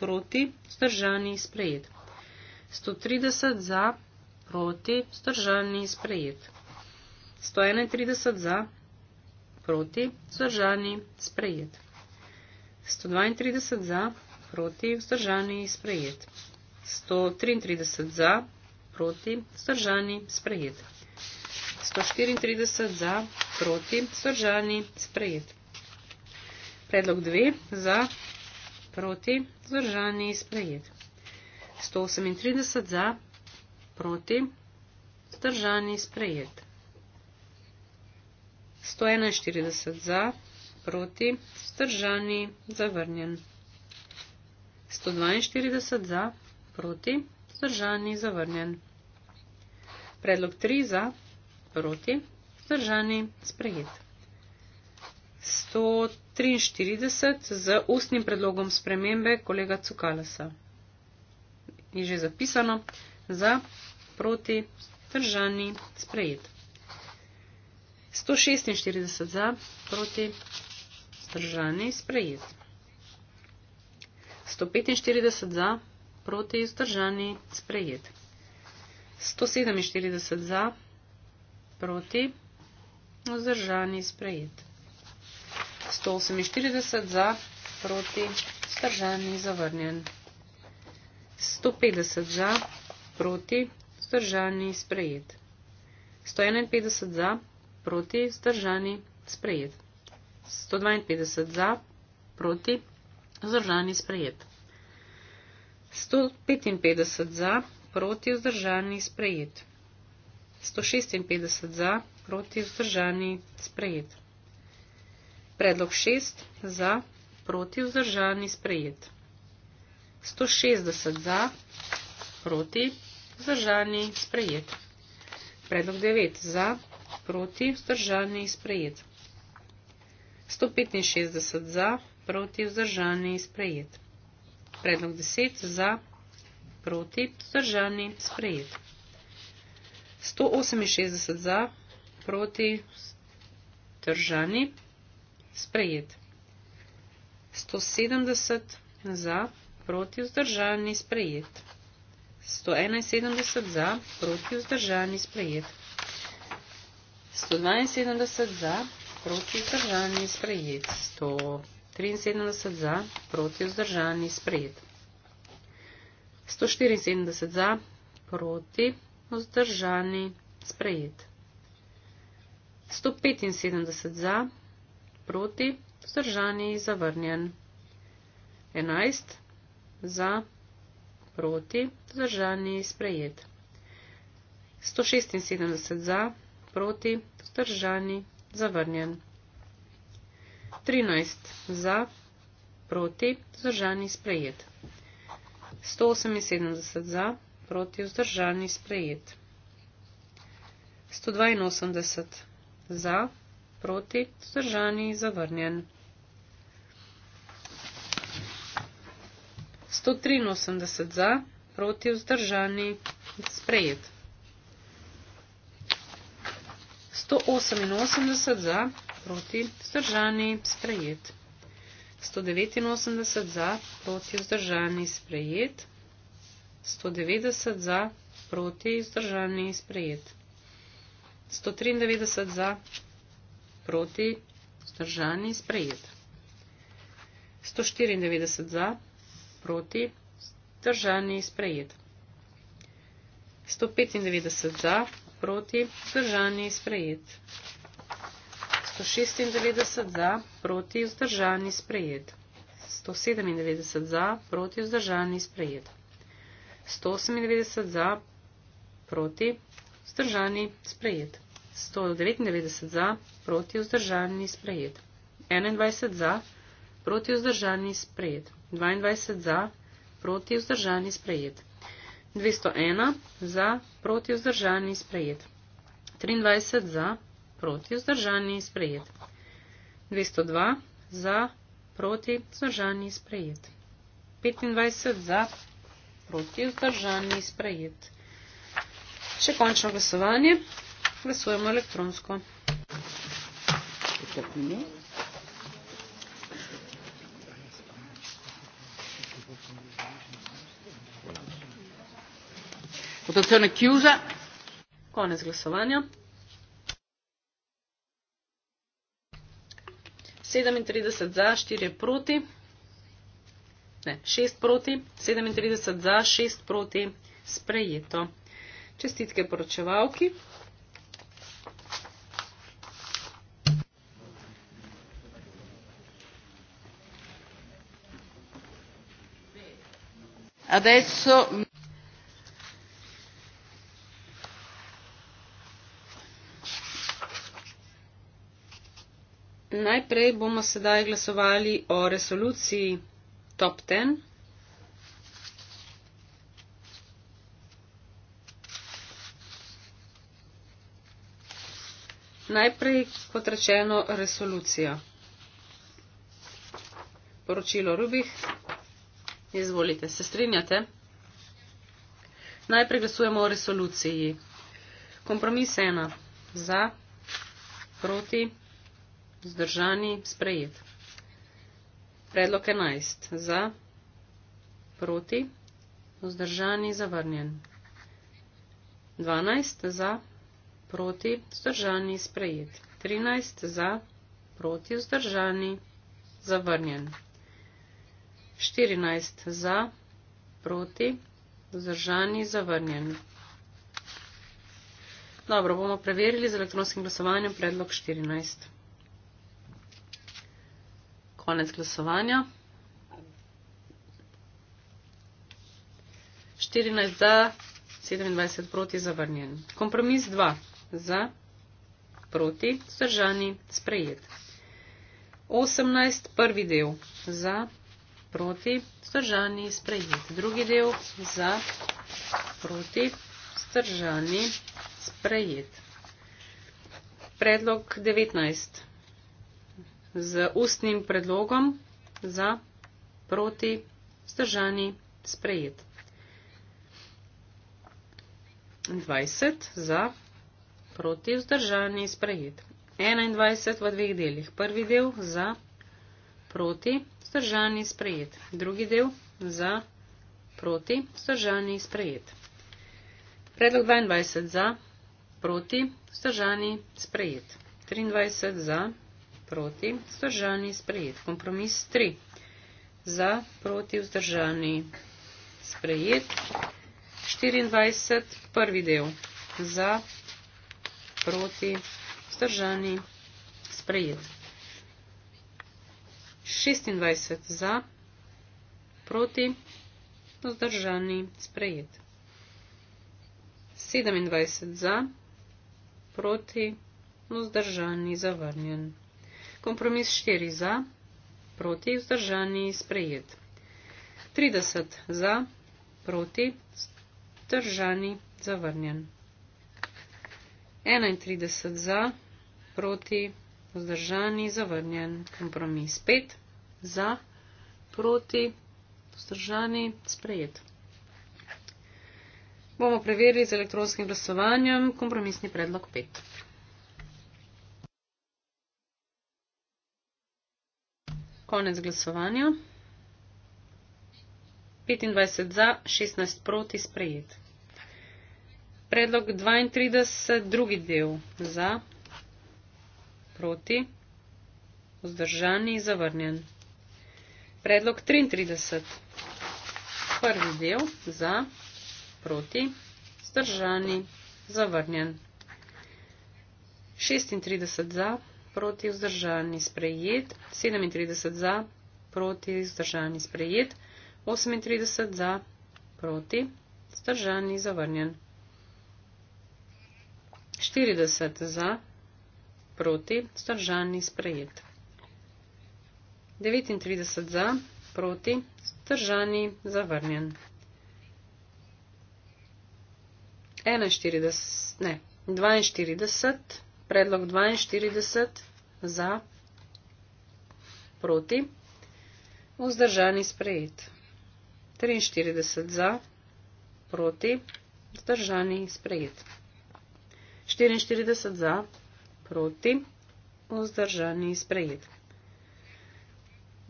proti, vzdržani, sprejet. 130 za, proti, vzdržani, sprejet. 131 za, proti, vzdržani, sprejet. 132 za, proti, vzdržani, sprejet. 133 za, proti, vzdržani, sprejet. 134 za, proti, vzdržani, sprejet predlog 2 za proti zdržani sprejet. 138 za proti zdržani sprejet. 141 za proti zdržani zavrnjen. 142 za proti zdržani zavrnjen. Predlog 3 za proti zdržani sprejet. 100 43 z ustnim predlogom spremembe kolega Cukalesa. Je že zapisano za proti držani sprejet. 146 za proti držani sprejet. 145 za proti zdržani sprejet. 147 za proti zdržani sprejet. 148 za, proti, zdržani, zavrnjen. 150 za, proti, zdržani, sprejet. 151 za, proti, zdržani, sprejet. 152 za, proti, zdržani, sprejet. 155 za, proti, zdržani, sprejet. 156 za, proti, zdržani, sprejet. 157 za, proti, zdržani, sprejet. Predlog šest za, proti vzdržani sprejet. 160 za, proti vzdržani sprejet. Predlog devet za, proti vzdržani sprejet. 165 za, proti vzdržani sprejet. Predlog deset za, proti vzdržani sprejet. 168 za, proti vzdržani sprejet sprejet. 170 za, proti vzdržani sprejet. 171 za, proti vzdržani sprejet. 172 za, proti vzdržani sprejet. 173 za, proti vzdržani sprejet. 174 za, proti vzdržani sprejet. 175 za, proti vzdržani sprejet proti, vzdržani, zavrnjen. 11. Za, proti, vzdržani, sprejet. 176. Za, proti, vzdržani, zavrnjen. 13. Za, proti, vzdržani, sprejet. 178. Za, proti, vzdržani, sprejet. 182. Za, proti, vzdržani, sprejet proti, vzdržani, zavrnjen. 183 za, proti, vzdržani, sprejet. 188 za, proti, vzdržani, sprejet. 189 za, proti, vzdržani, sprejet. 190 za, proti, vzdržani, sprejet. 193 za, proti, vzdržani, sprejet. 194 za, proti, vzdržani, sprejet. 195 za, proti, vzdržani, sprejet. 196 za, proti, vzdržani, sprejet. 197 za, proti, vzdržani, sprejet. 198 za, proti, vzdržani, sprejet. 199 za, proti, 199 za, proti vzdržani sprejet. 21 za, proti vzdržani sprejet. 22 za, proti vzdržani sprejet. 201 za, proti vzdržani sprejet. 23 za, proti vzdržani sprejet. 202 za, proti vzdržani sprejet. 25 za, proti vzdržani sprejet. Še končno glasovanje. Glasujemo elektronsko. Votazione chiusa. Konec glasovanja. 37 za, 4 proti. Ne, 6 proti. 37 za, 6 proti. Sprejeto. Čestitke poročevalki. Adesso Najprej bomo sedaj glasovali o resoluciji Top 10. Najprej, kot rečeno, resolucija. Poročilo Rubih. Izvolite, se strinjate? Najprej glasujemo o resoluciji. Kompromis ena. Za, proti, zdržani, sprejet. Predlog enajst. Za, proti, zdržani, zavrnjen. Dvanajst. Za, proti, zdržani, sprejet. Trinajst. Za, proti, zdržani, zavrnjen. 14 za, proti, vzdržani, zavrnjeni. Dobro, bomo preverili z elektronskim glasovanjem predlog 14. Konec glasovanja. 14 za, 27 proti, zavrnjen. Kompromis 2 za, proti, vzdržani, sprejet. 18 prvi del za, proti proti, stržani, sprejet. Drugi del za, proti, stržani, sprejet. Predlog 19. Z ustnim predlogom za, proti, stržani, sprejet. 20. Za, proti, stržani, sprejet. 21 v dveh delih. Prvi del za, proti, stržani, sprejet proti, vzdržani, sprejet. Drugi del za, proti, vzdržani, sprejet. Predlog 22 za, proti, vzdržani, sprejet. 23 za, proti, vzdržani, sprejet. Kompromis 3. Za, proti, vzdržani, sprejet. 24, prvi del. Za, proti, vzdržani, sprejet. 26 za, proti, vzdržani, sprejet. 27 za, proti, vzdržani, zavrnjen. Kompromis 4 za, proti, vzdržani, sprejet. 30 za, proti, vzdržani, zavrnjen. 31 za, proti, vzdržani, sprejet vzdržani, zavrnjen, kompromis pet, za, proti, vzdržani, sprejet. Bomo preverili z elektronskim glasovanjem kompromisni predlog pet. Konec glasovanja. 25 za, 16 proti, sprejet. Predlog 32, drugi del za, proti, vzdržani, zavrnjen. Predlog 33. Prvi del za, proti, vzdržani, zavrnjen. 36 za, proti, vzdržani, sprejet. 37 za, proti, vzdržani, sprejet. 38 za, proti, vzdržani, zavrnjen. 40 za, proti, vzdržani, zavrnjen proti, stržani sprejet. 39 za, proti, stržani zavrnjen. 41, ne, 42, predlog 42 za, proti, vzdržani sprejet. 43 za, proti, vzdržani sprejet. 44 za, proti, vzdržani in sprejet.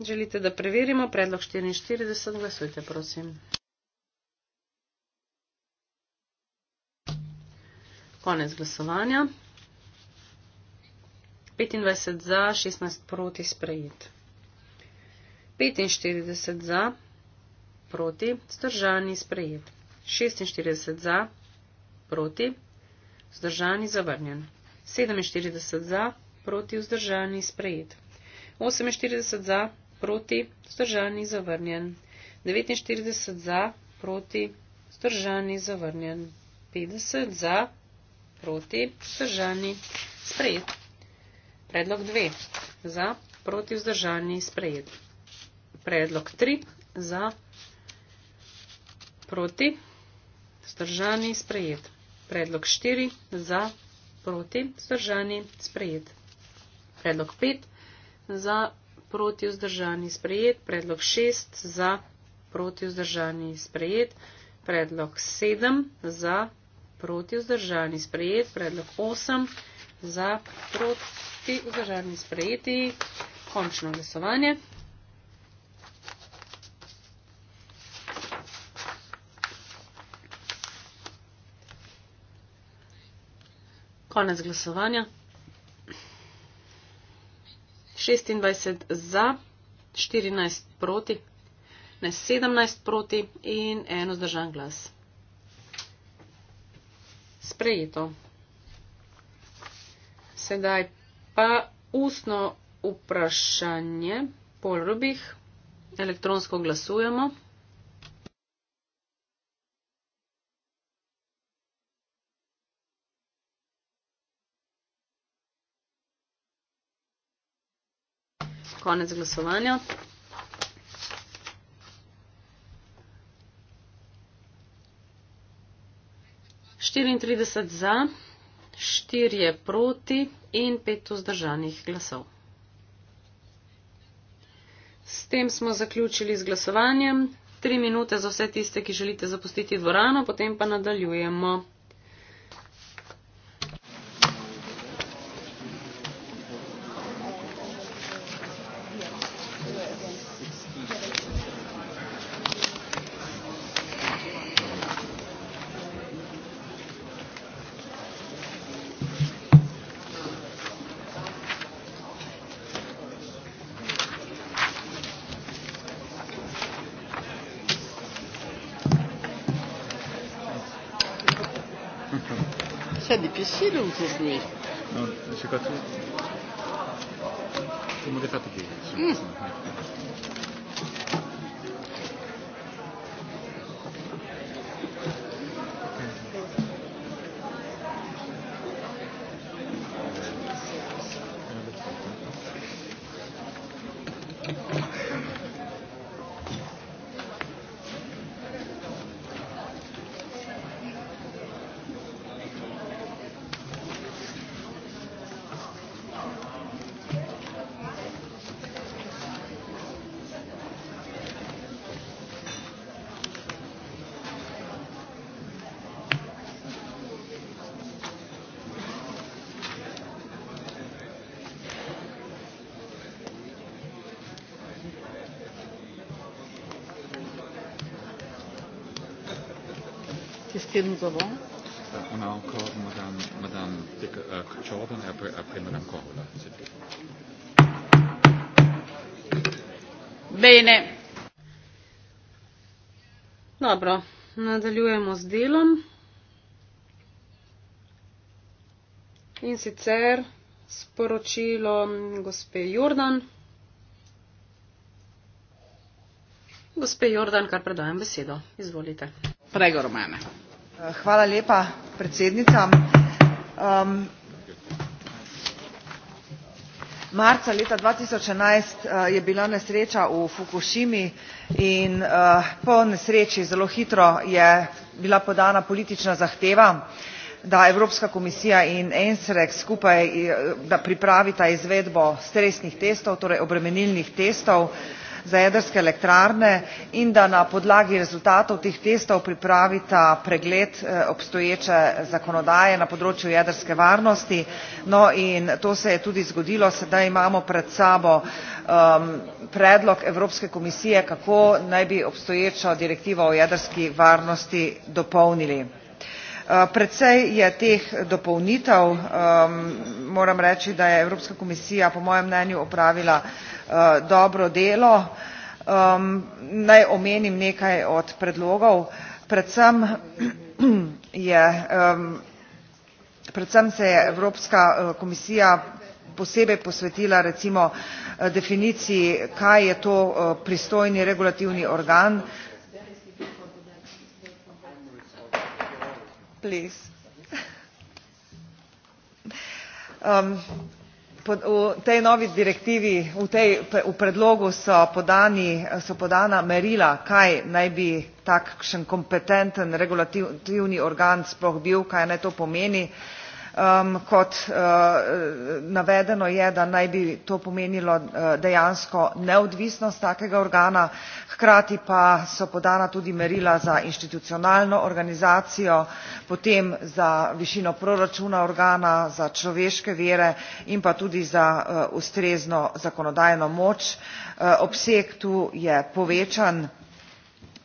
Želite, da preverimo predlog 44? Glasujte, prosim. Konec glasovanja. 25 za, 16 proti, sprejet. 45 za, proti, vzdržani, sprejet. 46 za, proti, vzdržani, zavrnjen. 47 za, proti vzdržani sprejet. 48 za, proti vzdržani zavrnjen. 49 za, proti vzdržani zavrnjen. 50 za, proti vzdržani sprejet. Predlog 2. Za, proti vzdržani sprejet. Predlog 3. Za, proti vzdržani sprejet. Predlog 4. Za, proti, zdržani, sprejet. Predlog 5 za proti, zdržani, sprejet. Predlog 6 za proti, zdržani, sprejet. Predlog 7 za proti, zdržani, sprejet. Predlog 8 za proti, zdržani, sprejeti. Končno glasovanje. konec glasovanja. 26 za, 14 proti, ne 17 proti in eno zdržan glas. Sprejeto. Sedaj pa ustno vprašanje. Polrobih. Elektronsko glasujemo. konec glasovanja. Štiriintrideset za, štirje proti in pet vzdržanih glasov. S tem smo zaključili z glasovanjem. Tri minute za vse tiste, ki želite zapustiti dvorano, potem pa nadaljujemo. difficile aujourd'hui. Thank you. Monsieur, nous avons. Euh, on a encore Madame, Madame euh, Jordan et après, après Madame Corolla. Bene. Dobro, nadaljujemo z delom. In sicer sporočilo gospe Jordan. Gospe Jordan, kar predajem besedo. Izvolite. Pregor mene. Hvala lepa, predsednica. Um, marca leta 2011 uh, je bila nesreča v Fukushimi in uh, po nesreči zelo hitro je bila podana politična zahteva, da Evropska komisija in ENSREK skupaj uh, pripravita izvedbo stresnih testov, torej obremenilnih testov, uh, za jedrske elektrarne in da na podlagi rezultatov teh testov pripravita pregled eh, obstoječe zakonodaje na področju jedrske varnosti. No in to se je tudi zgodilo, sedaj imamo pred sabo um, predlog Evropske komisije, kako naj bi obstoječo direktivo o jedrski varnosti dopolnili. Eh, Predvsej je teh dopolnitev, um, moram reči, da je Evropska komisija po mojem mnenju opravila uh, Eh, dobro delo. Naj omenim nekaj od predlogov. Predvsem, je, predvsem se je Evropska eh, komisija posebej posvetila recimo eh, definiciji, kaj je to pristojni regulativni organ. v tej novi direktivi v tej v predlogu so podani so podana merila kaj naj bi takšen kompetenten regulativni organ sploh bil kaj naj to pomeni. Um, kot uh, navedeno je, da naj bi to pomenilo uh, dejansko neodvisnost takega organa, hkrati pa so podana tudi merila za institucionalno organizacijo, potem za višino proračuna organa, za človeške vere in pa tudi za uh, ustrezno zakonodajno moč. Uh, obseg tu je povečan.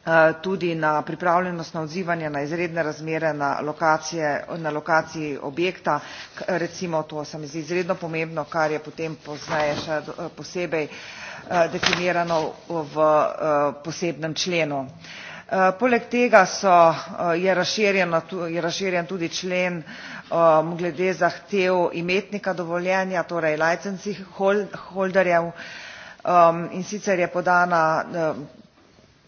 Eh, tudi na pripravljenost na odzivanje na izredne razmere na lokacije, na lokaciji objekta. Recimo, to se mi zdi izredno pomembno, kar je potem pozneje še eh, posebej eh, definirano v posebnem členu. Poleg tega so, je razširjeno, je razširjen tudi člen glede zahtev imetnika dovoljenja, torej licensing holderjev, in sicer je podana,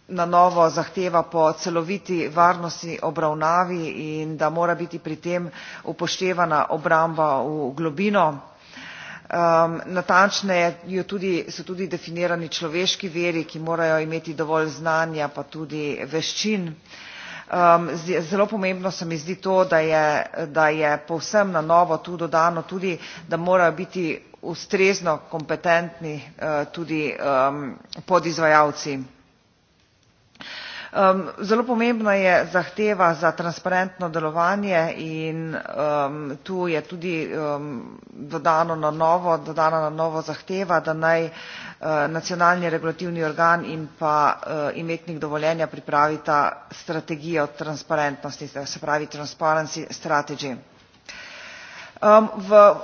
na novo zahteva po celoviti varnostni obravnavi in da mora biti pri tem upoštevana obramba v globino. Um, natančneje jo tudi, so tudi definirani človeški veri, ki morajo imeti dovolj znanja pa tudi veščin. Um, zelo pomembno se mi zdi to, da je, da je povsem na novo tu dodano tudi, da morajo biti ustrezno kompetentni uh, tudi um, podizvajalci. Um, zelo pomembna je zahteva za transparentno delovanje in um, tu je tudi um, dodano na novo, dodana na novo zahteva, da naj uh, nacionalni regulativni organ in pa uh, imetnik dovoljenja pripravita strategijo transparentnosti, se pravi transparency strategy. Um, v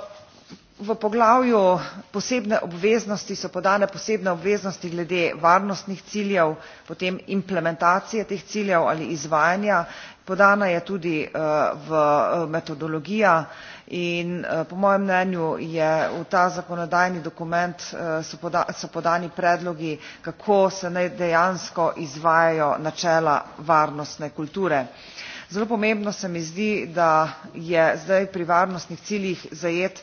V poglavju posebne obveznosti so podane posebne obveznosti glede varnostnih ciljev, potem implementacije teh ciljev ali izvajanja. Podana je tudi eh, v eh, metodologija in eh, po mojem mnenju je v ta zakonodajni dokument so, poda, so podani predlogi, kako se naj dejansko izvajajo načela varnostne kulture. Zelo pomembno se mi zdi, da je zdaj pri varnostnih ciljih zajet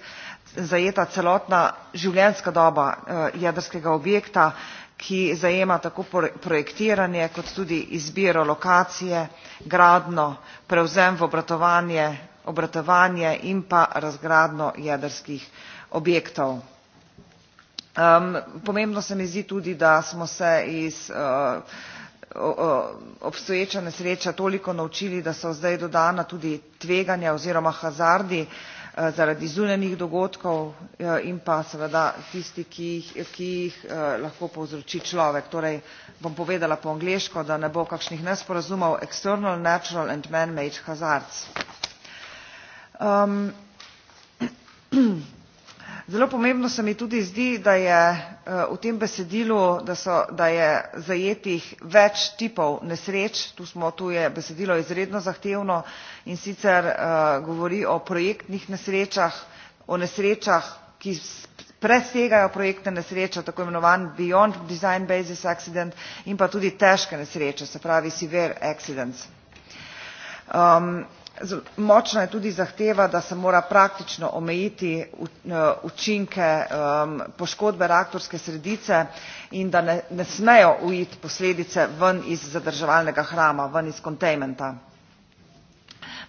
zajeta celotna življenjska doba eh, jedrskega objekta, ki zajema tako projektiranje kot tudi izbiro lokacije, gradno, prevzem v obratovanje, obratovanje in pa razgradno jedrskih objektov. Pomembno se mi zdi tudi, da smo se iz eh, obstoječa nesreča toliko naučili, da so zdaj dodana tudi tveganja oziroma hazardi, Eh, zaradi zunanjih dogodkov eh, in pa seveda tisti, ki jih, ki jih eh, lahko povzroči človek. Torej bom povedala po angliško, da ne bo kakšnih nesporazumov. External, natural and man-made hazards. Um, Zelo pomembno se mi tudi zdi, da je eh, v tem besedilu, da, so, da je zajetih več tipov nesreč, tu, smo, tu je besedilo izredno zahtevno in sicer uh, govori o projektnih nesrečah, o nesrečah, ki presegajo projektne nesreče, tako imenovan Beyond Design Basis Accident in pa tudi težke nesreče, se pravi Severe Accidents. Um, Močna je tudi zahteva, da se mora praktično omejiti eh, učinke poškodbe reaktorske sredice in da ne, ne smejo ujiti posledice ven iz zadrževalnega hrama, ven iz kontejmenta.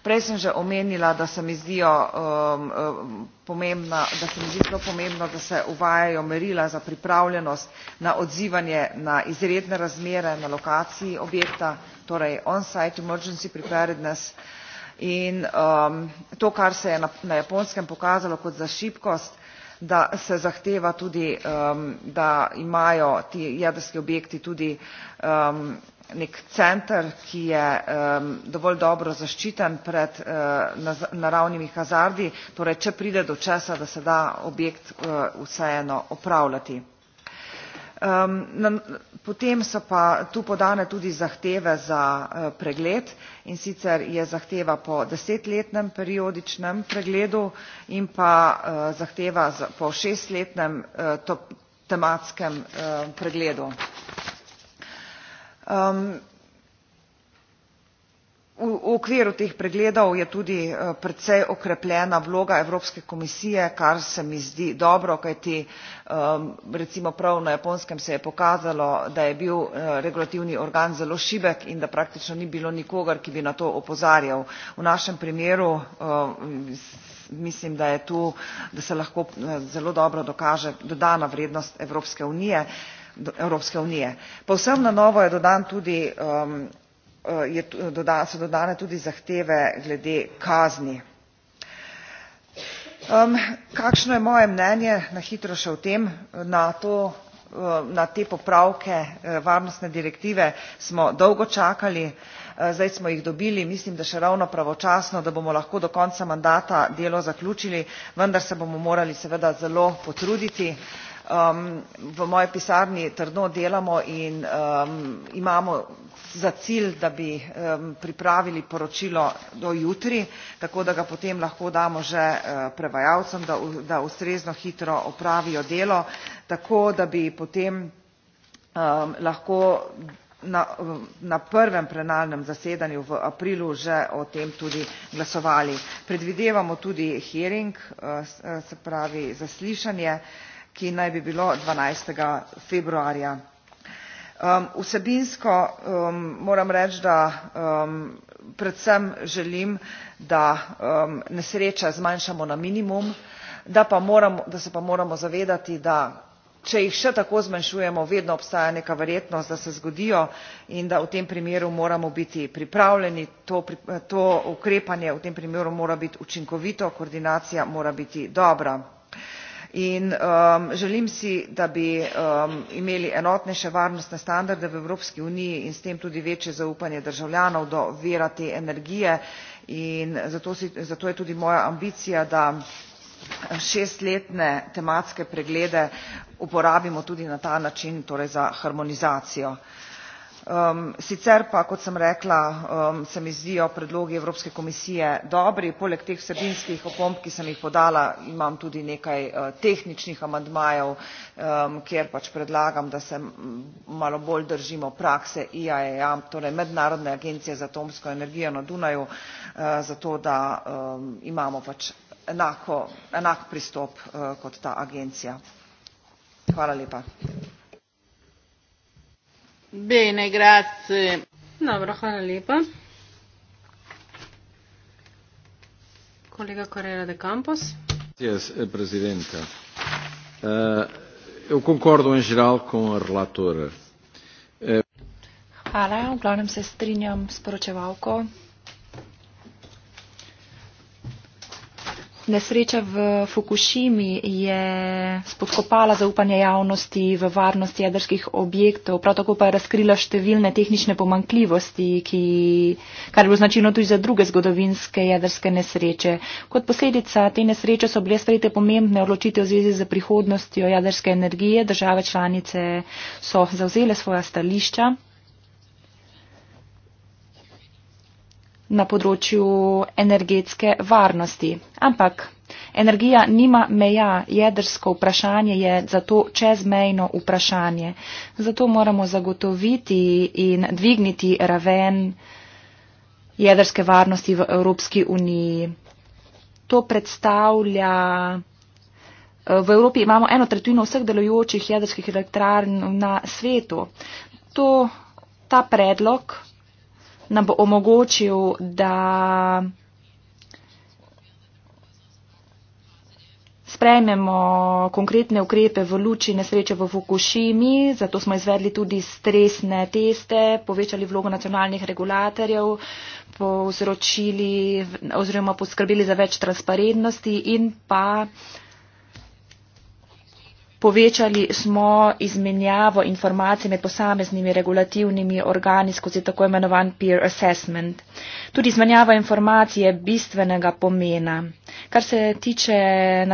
Prej sem že omenila, da se mi, zdijo, um, pomembna, da se mi zdi zelo pomembno, da se uvajajo merila za pripravljenost na odzivanje na izredne razmere na lokaciji objekta, torej on-site emergency preparedness, in um, to, kar se je na, na japonskem pokazalo kot za šibkost, da se zahteva tudi, um, da imajo ti jedrski objekti tudi um, nek center, ki je um, dovolj dobro zaščiten pred uh, naravnimi hazardi, torej če pride do česa, da se da objekt uh, vseeno upravljati. Ehm, potem so pa tu podane tudi zahteve za eh, pregled in sicer je zahteva po desetletnem periodičnem pregledu in pa eh, zahteva po šestletnem eh, tematskem pregledu. Ehm, v okviru teh pregledov je tudi eh, precej okrepljena vloga Evropske komisije, kar se mi zdi dobro, kajti ehm, recimo prav na japonskem se je pokazalo, da je bil eh, regulativni organ zelo šibek in da praktično ni bilo nikogar, ki bi na to opozarjal. V našem primeru eh, mislim, da je tu, da se lahko zelo dobro dokaže dodana vrednost Evropske unije. Evropske unije. Povsem na novo je dodan tudi um, Eh, eh, so dodane tudi zahteve glede kazni. kakšno je moje mnenje na hitro še o tem na to eh, na te popravke varnostne direktive smo dolgo čakali zdaj smo jih dobili mislim da še ravno pravočasno da bomo lahko do konca mandata delo zaključili vendar se bomo morali seveda zelo potruditi um, v moji pisarni trdno delamo in um, imamo za cilj, da bi um, pripravili poročilo do jutri, tako da ga potem lahko damo že uh, prevajalcem, da, da ustrezno hitro opravijo delo, tako da bi potem um, lahko na, um, na prvem plenarnem zasedanju v aprilu že o tem tudi glasovali. Predvidevamo tudi hearing, uh, uh se pravi zaslišanje. Uh, ki naj bi bilo 12. februarja. Um, vsebinsko um, moram reči, da um, predvsem želim, da um, nesreča zmanjšamo na minimum, da, pa moram, da se pa moramo zavedati, da če jih še tako zmanjšujemo, vedno obstaja neka verjetnost, da se zgodijo in da v tem primeru moramo biti pripravljeni, to, to ukrepanje v tem primeru mora biti učinkovito, koordinacija mora biti dobra in um, želim si da bi um, imeli enotnejše varnostne standarde v evropski uniji in s tem tudi večje zaupanje državljanov do vira te energije in zato, si, zato je tudi moja ambicija da šestletne tematske preglede uporabimo tudi na ta način torej za harmonizacijo. Um, sicer pa, kot sem rekla, um, se mi zdijo predlogi Evropske komisije dobri. Poleg teh vsebinskih opomb, ki sem jih podala, imam tudi nekaj uh, tehničnih amandmajev, um, kjer pač predlagam, da se malo bolj držimo prakse IAEA, e torej Mednarodne agencije za atomsko energijo na Dunaju, uh, zato da imamo pač enako, enak pristop uh, kot ta agencija. Hvala lepa. Bene, grazie. Dobro, hvala lepa. Kolega Correa de Campos. Yes, eh, presidente. Uh, eu concordo em geral com a relatora. Uh, hvala, v glavnem se strinjam s poročevalko. Nesreča v Fukushimi je spodkopala zaupanje javnosti v varnost jedrskih objektov, prav tako pa je razkrila številne tehnične pomankljivosti, ki, kar je bilo značilno tudi za druge zgodovinske jedrske nesreče. Kot posledica te nesreče so bile sprejete pomembne odločitev v zvezi z prihodnostjo jedrske energije. Države članice so zauzele svoja stališča. na področju energetske varnosti. Ampak energija nima meja, jedrsko vprašanje je zato čezmejno vprašanje. Zato moramo zagotoviti in dvigniti raven jedrske varnosti v Evropski uniji. To predstavlja. V Evropi imamo eno tretjino vseh delujočih jedrskih elektrarn na svetu. To, ta predlog nam bo omogočil, da sprejmemo konkretne ukrepe v luči nesreče v Fukushimi, zato smo izvedli tudi stresne teste, povečali vlogo nacionalnih regulatorjev, povzročili oziroma poskrbeli za več transparentnosti in pa Povečali smo izmenjavo informacij med posameznimi regulativnimi organi skozi tako imenovan peer assessment. Tudi izmenjava informacij je bistvenega pomena. Kar se tiče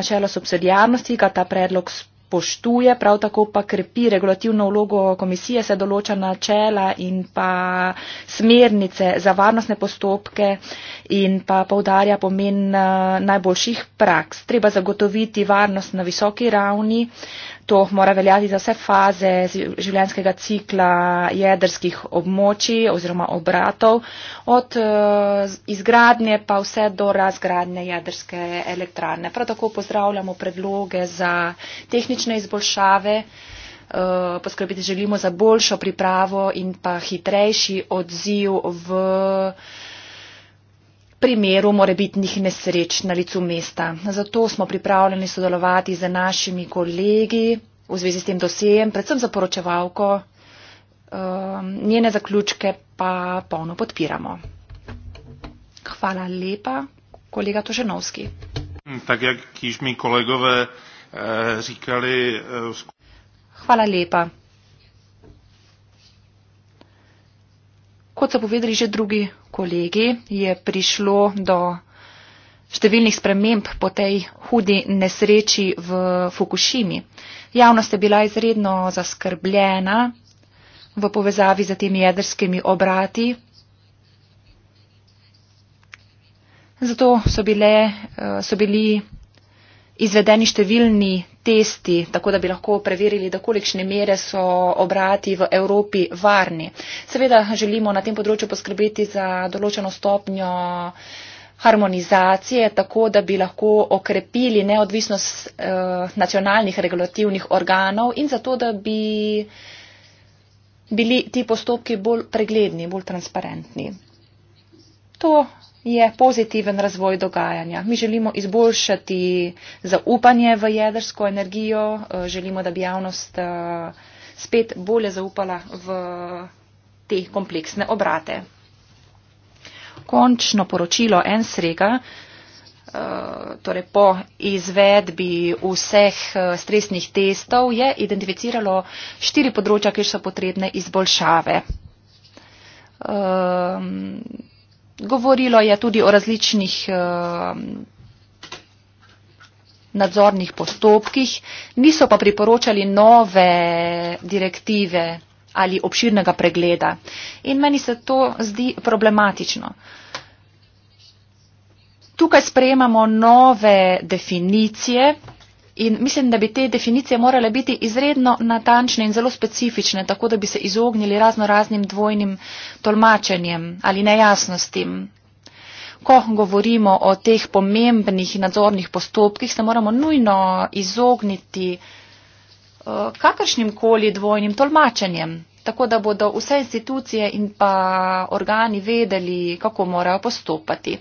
načela subsidijarnosti, ga ta predlog spodbuja spoštuje, prav tako pa krepi regulativno vlogo komisije, se določa načela in pa smernice za varnostne postopke in pa povdarja pomen eh, najboljših praks. Treba zagotoviti varnost na visoki ravni, uh, To mora veljati za vse faze življenjskega cikla jedrskih območij oziroma obratov, od eh, izgradnje pa vse do razgradnje jedrske elektrarne. Prav tako pozdravljamo predloge za tehnične izboljšave. Eh, Poskrbiti želimo za boljšo pripravo in pa hitrejši odziv v primeru morebitnih nesreč na licu mesta. Zato smo pripravljeni sodelovati z našimi kolegi v zvezi s tem dosejem, predvsem za poročevalko. Ehm, njene zaključke pa polno podpiramo. Hvala lepa, kolega Toženovski. Tak, jak kižmi kolegove eh, říkali. Eh, Hvala lepa. Kot so povedali že drugi kolegi, je prišlo do številnih sprememb po tej hudi nesreči v Fukushimi. Javnost je bila izredno zaskrbljena v povezavi z temi jedrskimi obrati. Zato so, bile, eh, so bili izvedeni številni testi, tako da bi lahko preverili, do kolikšne mere so obrati v Evropi varni. Seveda želimo na tem področju poskrbeti za določeno stopnjo harmonizacije, tako da bi lahko okrepili neodvisnost eh, nacionalnih regulativnih organov in zato, da bi bili ti postopki bolj pregledni, bolj transparentni. To je pozitiven razvoj dogajanja. Mi želimo izboljšati zaupanje v jedrsko energijo, eh, želimo, da bi javnost eh, spet bolje zaupala v te kompleksne obrate. Končno poročilo Ensrega, eh, torej po izvedbi vseh stresnih testov, je identificiralo štiri področja, kjer so potrebne izboljšave. Ehm, Govorilo je tudi o različnih eh, nadzornih postopkih, niso pa priporočali nove direktive ali obširnega pregleda. In meni se to zdi problematično. Tukaj sprejemamo nove definicije In mislim, da bi te definicije morale biti izredno natančne in zelo specifične, tako da bi se izognili razno raznim dvojnim tolmačenjem ali nejasnostim. Ko govorimo o teh pomembnih nadzornih postopkih, se moramo nujno izogniti eh, kakršnim koli dvojnim tolmačenjem tako da bodo vse institucije in pa organi vedeli, kako morajo postopati.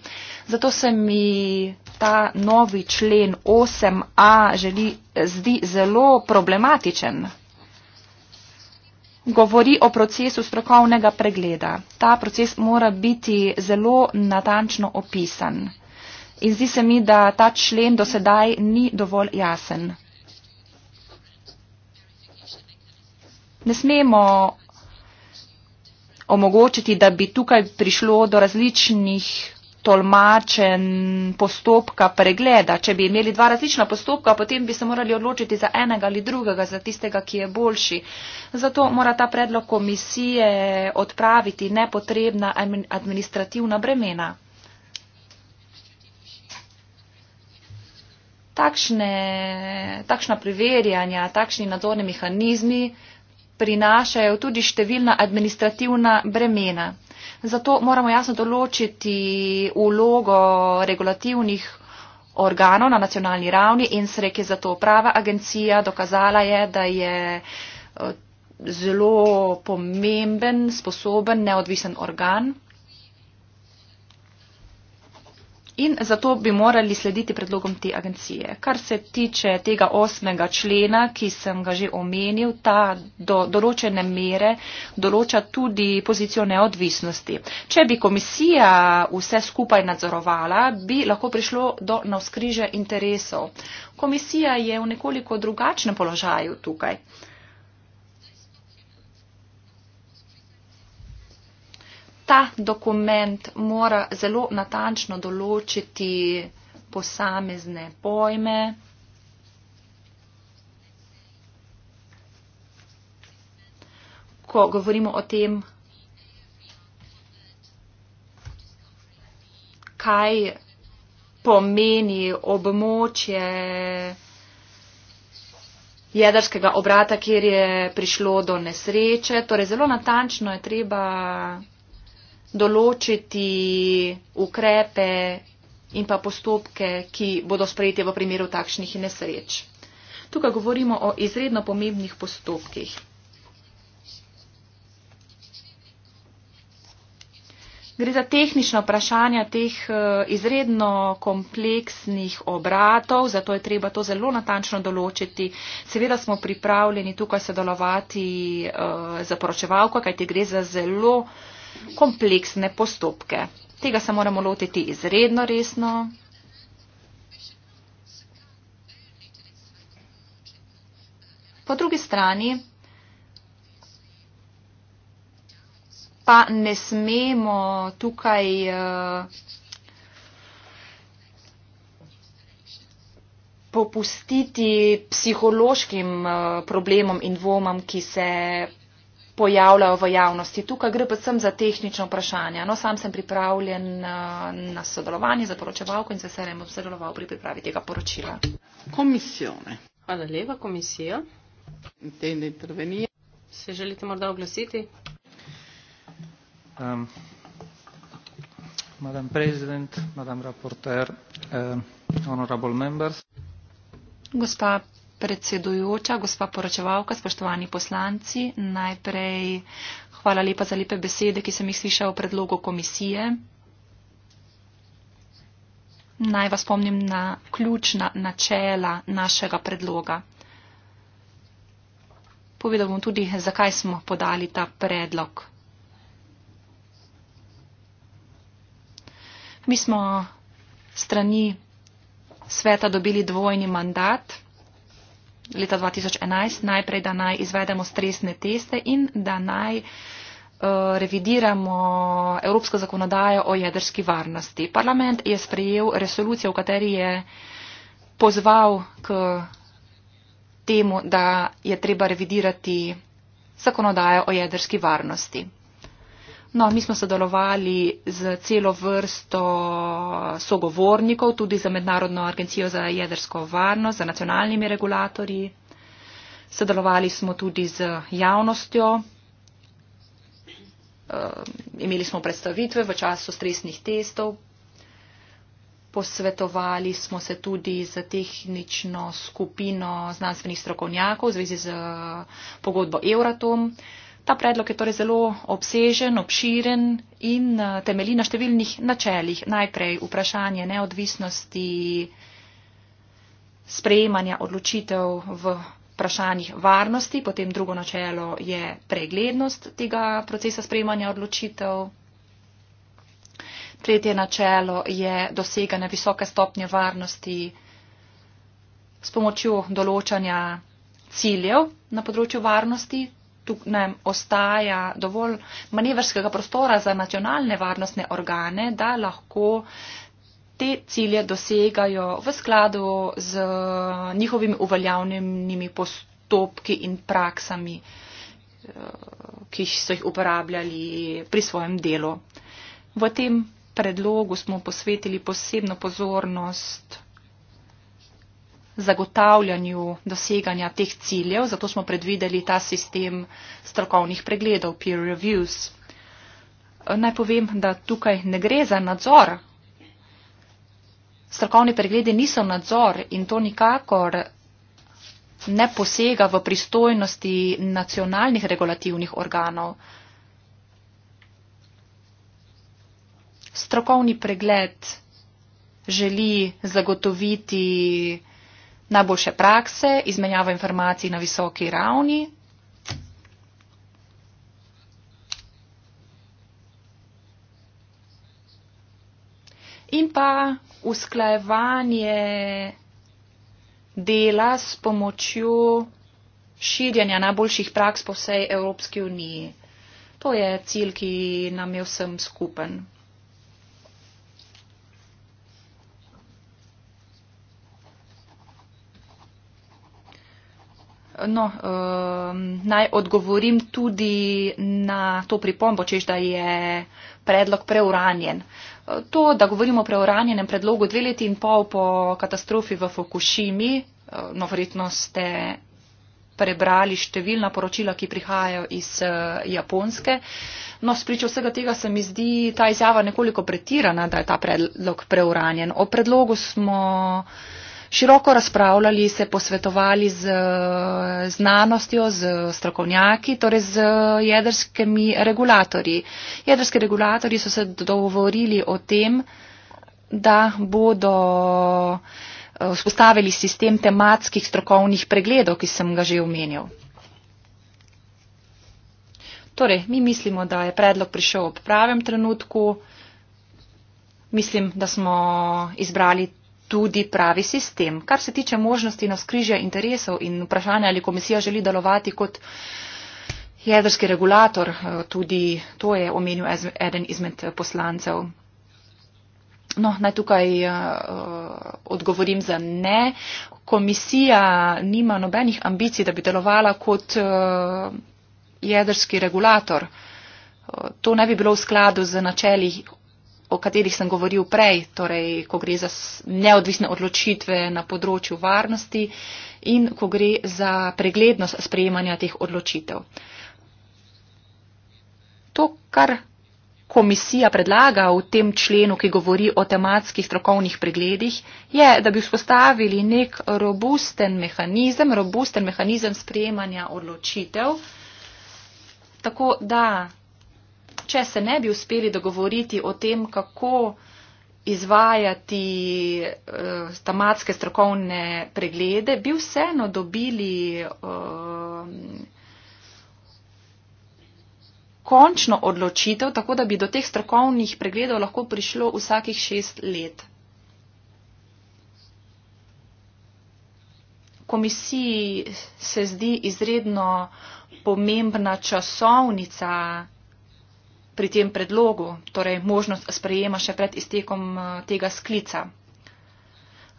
Zato se mi ta novi člen 8a želi, zdi zelo problematičen. Govori o procesu strokovnega pregleda. Ta proces mora biti zelo natančno opisan. In zdi se mi, da ta člen do sedaj ni dovolj jasen. ne smemo omogočiti, da bi tukaj prišlo do različnih tolmačen postopka pregleda. Če bi imeli dva različna postopka, potem bi se morali odločiti za enega ali drugega, za tistega, ki je boljši. Zato mora ta predlog komisije odpraviti nepotrebna administrativna bremena. Takšne, takšna preverjanja, takšni nadzorni mehanizmi prinašajo tudi številna administrativna bremena. Zato moramo jasno določiti ulogo regulativnih organov na nacionalni ravni in srek je za to prava agencija. Dokazala je, da je eh, zelo pomemben, sposoben, neodvisen organ. in zato bi morali slediti predlogom te agencije. Kar se tiče tega osmega člena, ki sem ga že omenil, ta do določene mere določa tudi pozicijo neodvisnosti. Če bi komisija vse skupaj nadzorovala, bi lahko prišlo do navskriže interesov. Komisija je v nekoliko drugačnem položaju tukaj. ta dokument mora zelo natančno določiti posamezne pojme. Ko govorimo o tem, kaj pomeni območje jedrskega obrata, kjer je prišlo do nesreče, torej zelo natančno je treba določiti ukrepe in pa postopke, ki bodo sprejeti v primeru takšnih nesreč. Tukaj govorimo o izredno pomembnih postopkih. Gre za tehnično vprašanje teh eh, izredno kompleksnih obratov, zato je treba to zelo natančno določiti. Seveda smo pripravljeni tukaj sodelovati uh, eh, za poročevalko, kajti gre za zelo uh, kompleksne postopke. Tega se moramo lotiti izredno resno. Po drugi strani pa ne smemo tukaj eh, popustiti psihološkim eh, problemom in dvomam, ki se pojavljajo v javnosti. Tukaj gre predvsem za tehnično vprašanje. No, sam sem pripravljen eh, na sodelovanje za poročevalko in se serem bom sodeloval pri pripravi tega poročila. Komisijone. Hvala lepa, komisija. Intendi intervenije. Se želite morda oglasiti? Um, madam president, madam raporter, um, ehm, honorable members. Gospa predsedujoča, gospa poročevalka, spoštovani poslanci. Najprej hvala lepa za lepe besede, ki sem jih slišal o predlogu komisije. Naj vas spomnim na ključna načela našega predloga. Povedal bom tudi, zakaj smo podali ta predlog. Mi smo strani sveta dobili dvojni mandat leta 2011, najprej, da naj izvedemo stresne teste in da naj eh, revidiramo Evropsko zakonodajo o jedrski varnosti. Parlament je sprejel resolucijo, v kateri je pozval k temu, da je treba revidirati zakonodajo o jedrski varnosti. No, mi smo sodelovali z celo vrsto sogovornikov, tudi za Mednarodno agencijo za jedrsko varnost, za nacionalnimi regulatorji. Sodelovali smo tudi z javnostjo. Eh, imeli smo predstavitve v času stresnih testov. Posvetovali smo se tudi z tehnično skupino znanstvenih strokovnjakov v zvezi z eh, pogodbo Euratom. Ta predlog je torej zelo obsežen, obširen in eh, temelji na številnih načeljih. Najprej vprašanje neodvisnosti sprejemanja odločitev v vprašanjih varnosti, potem drugo načelo je preglednost tega procesa sprejemanja odločitev. Tretje načelo je doseganje visoke stopnje varnosti s pomočjo določanja ciljev na področju varnosti, tukaj ostaja dovolj manevrskega prostora za nacionalne varnostne organe, da lahko te cilje dosegajo v skladu z njihovimi uveljavljenimi postopki in praksami, eh, ki so jih uporabljali pri svojem delu. V tem predlogu smo posvetili posebno pozornost zagotavljanju doseganja teh ciljev, zato smo predvideli ta sistem strokovnih pregledov, peer reviews. Naj povem, da tukaj ne gre za nadzor. Strokovni pregledi niso nadzor in to nikakor ne posega v pristojnosti nacionalnih regulativnih organov. Strokovni pregled želi zagotoviti najboljše prakse, izmenjava informacij na visoki ravni. In pa usklajevanje dela s pomočjo širjanja najboljših praks po vsej Evropski uniji. To je cilj, ki nam je vsem skupen. No, um, naj odgovorim tudi na to pripombo, češ da je predlog preuranjen. E, to, da govorimo o preuranjenem predlogu dve leti in pol po katastrofi v Fukushimi, e, no verjetno ste prebrali številna poročila, ki prihajajo iz e, Japonske. No, spričo vsega tega se mi zdi ta izjava nekoliko pretirana, da je ta predlog preuranjen. O predlogu smo široko razpravljali, se posvetovali z eh, znanostjo, z strokovnjaki, torej z eh, jedrskimi regulatorji. Jedrski regulatorji so se dogovorili o tem, da bodo eh, vzpostavili sistem tematskih strokovnih pregledov, ki sem ga že omenil. Torej, mi mislimo, da je predlog prišel ob pravem trenutku. Mislim, da smo izbrali tudi pravi sistem. Kar se tiče možnosti navskrižja interesov in vprašanja, ali komisija želi delovati kot jedrski regulator, eh, tudi to je omenil eden izmed eh, poslancev. No, naj tukaj uh, odgovorim za ne. Komisija nima nobenih ambicij, da bi delovala kot uh, jedrski regulator. Uh, to ne bi bilo v skladu z načeli o katerih sem govoril prej, torej ko gre za neodvisne odločitve na področju varnosti in ko gre za preglednost sprejemanja teh odločitev. To, kar komisija predlaga v tem členu, ki govori o tematskih strokovnih pregledih, je, da bi vzpostavili nek robusten mehanizem, robusten mehanizem sprejemanja odločitev, tako da če se ne bi uspeli dogovoriti o tem, kako izvajati uh, eh, tamatske strokovne preglede, bi vseeno dobili uh, končno odločitev, tako da bi do teh strokovnih pregledov lahko prišlo vsakih šest let. Komisiji se zdi izredno pomembna časovnica pri tem predlogu, torej možnost sprejema še pred iztekom eh, tega sklica.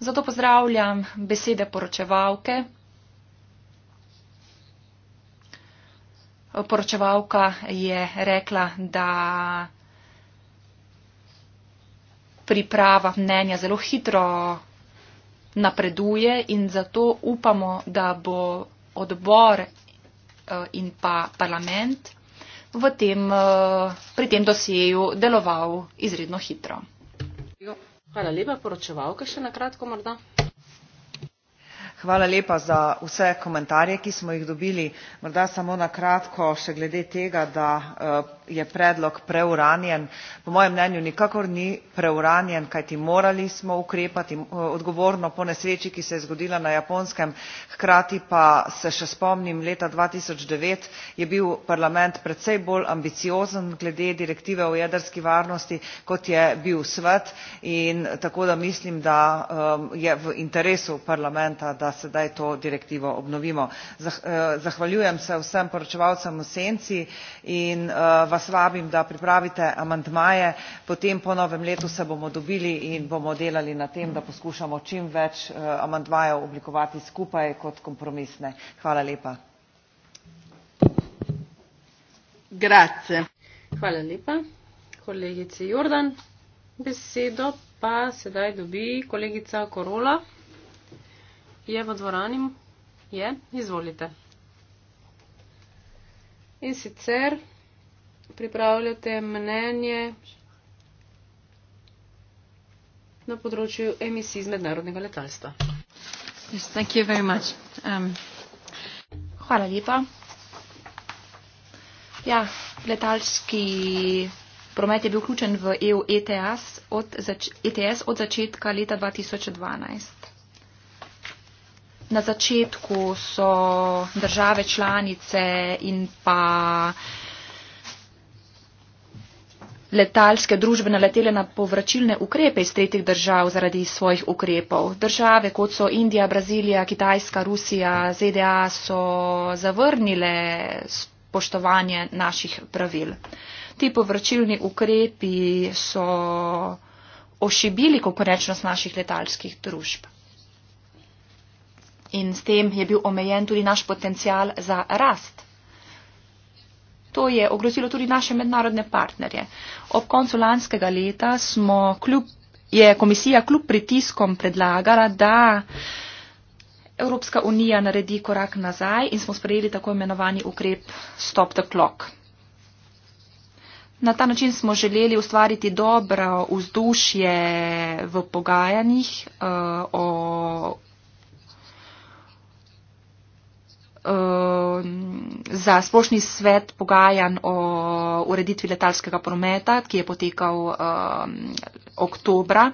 Zato pozdravljam besede poročevalke. Poročevalka je rekla, da priprava mnenja zelo hitro napreduje in zato upamo, da bo odbor eh, in pa parlament v tem, eh, pri tem doseju deloval izredno hitro. Hvala lepa, poročevalka še na kratko morda hvala lepa za vse komentarje ki smo jih dobili morda samo na kratko še glede tega da eh, je predlog preuranjen po mojem mnenju nikakor ni preuranjen kajti morali smo ukrepati eh, odgovorno po nesreči ki se je zgodila na japonskem hkrati pa se še spomnim leta dva tisoč devet je bil parlament precej bolj ambiciozen glede direktive o jedrski varnosti kot je bil svet in tako da mislim da eh, je v interesu parlamenta da da sedaj to direktivo obnovimo. Eh, zahvaljujem se vsem poročevalcem v senci in eh, vas vabim, da pripravite amantmaje, potem po novem letu se bomo dobili in bomo delali na tem, da poskušamo čim več eh, amantmajev oblikovati skupaj kot kompromisne. Hvala lepa. Grazie. Hvala lepa. Kolegici Jordan besedo pa sedaj dobi kolegica Korola je v dvorani? Je, izvolite. In sicer pripravljate mnenje na področju emisij iz mednarodnega letalstva. Yes, thank you very much. Um, hvala lepa. Ja, letalski promet je bil vključen v EU ETS od, zač ETS od začetka leta 2012. Na začetku so države članice in pa letalske družbe naletele na povračilne ukrepe iz tretjih držav zaradi svojih ukrepov. Države, kot so Indija, Brazilija, Kitajska, Rusija, ZDA, so zavrnile spoštovanje naših pravil. Ti povračilni ukrepi so ošibili konkurenčnost naših letalskih družb in s tem je bil omejen tudi naš potencial za rast. To je ogrozilo tudi naše mednarodne partnerje. Ob koncu lanskega leta smo kljub je komisija kljub pritiskom predlagala, da Evropska unija naredi korak nazaj in smo sprejeli tako imenovani ukrep Stop the Clock. Na ta način smo želeli ustvariti dobro vzdušje v pogajanjih uh, o Um, za splošni svet pogajan o ureditvi letalskega prometa, ki je potekal um, oktobra.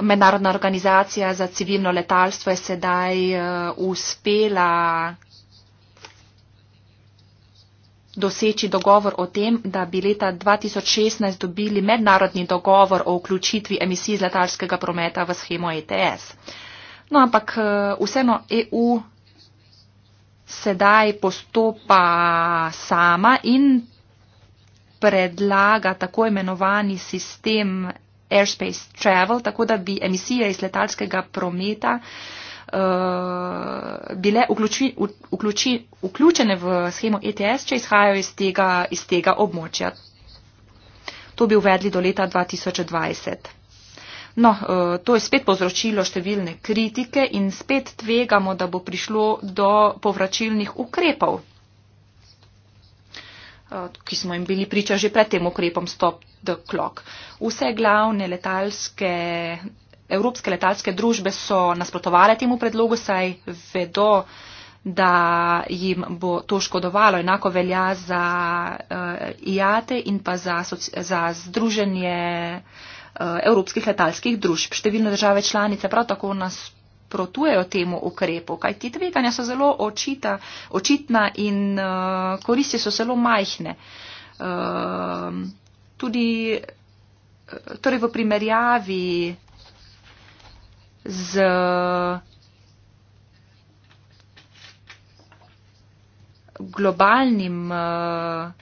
Mednarodna organizacija za civilno letalstvo je sedaj uh, uspela doseči dogovor o tem, da bi leta 2016 dobili mednarodni dogovor o vključitvi emisij iz letalskega prometa v schemo ETS. No, ampak eh, vseeno EU sedaj postopa sama in predlaga tako imenovani sistem airspace travel, tako da bi emisije iz letalskega prometa uh, Eh, bile vključi, vključi, vključene v schemo ETS, če izhajajo iz tega, iz tega območja. To bi uvedli do leta 2020. No, eh, to je spet povzročilo številne kritike in spet tvegamo, da bo prišlo do povračilnih ukrepov, eh, ki smo jim bili priča že pred tem ukrepom stop the clock. Vse glavne letalske evropske letalske družbe so nasprotovale temu predlogu, saj vedo, da jim bo to škodovalo. Enako velja za uh, IATE in pa za, za združenje uh, evropskih letalskih družb. Številne države članice prav tako nas protujejo temu ukrepu, kaj ti tveganja so zelo očita, očitna in uh, koristi so zelo majhne. Uh, tudi torej v primerjavi z globalnim uh,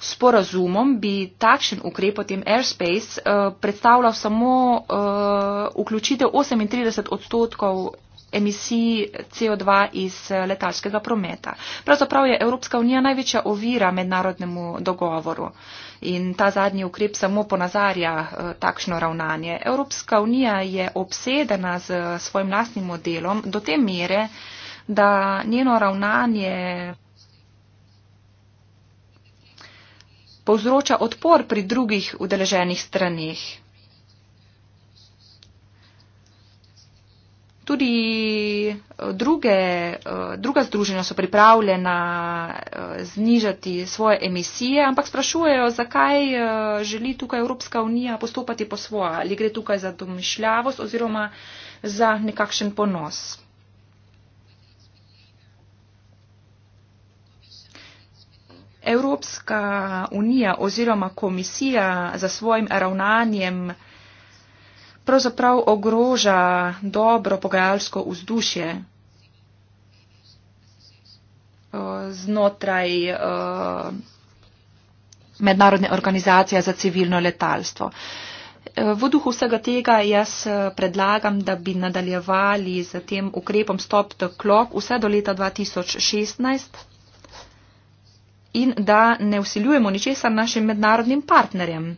sporazumom, bi takšen ukrep potem airspace uh, predstavljal samo uh, vključitev 38 odstotkov emisij CO2 iz eh, letalskega prometa. Pravzaprav je Evropska unija največja ovira mednarodnemu dogovoru in ta zadnji ukrep samo ponazarja eh, takšno ravnanje. Evropska unija je obsedena z eh, svojim lastnim modelom do te mere, da njeno ravnanje povzroča odpor pri drugih udeleženih stranih. Tudi eh, druge, eh, druga združenja so pripravljena eh, znižati svoje emisije, ampak sprašujejo, zakaj želi tukaj Evropska unija postopati po svoje. Ali gre tukaj za domišljavost oziroma za nekakšen ponos. Evropska unija oziroma komisija za svojim ravnanjem pravzaprav ogroža dobro pogajalsko vzdušje eh, znotraj eh, Mednarodne organizacije za civilno letalstvo. Eh, v duhu vsega tega jaz predlagam, da bi nadaljevali z tem ukrepom Stop the Clock vse do leta 2016 in da ne usiljujemo ničesar našim mednarodnim partnerjem.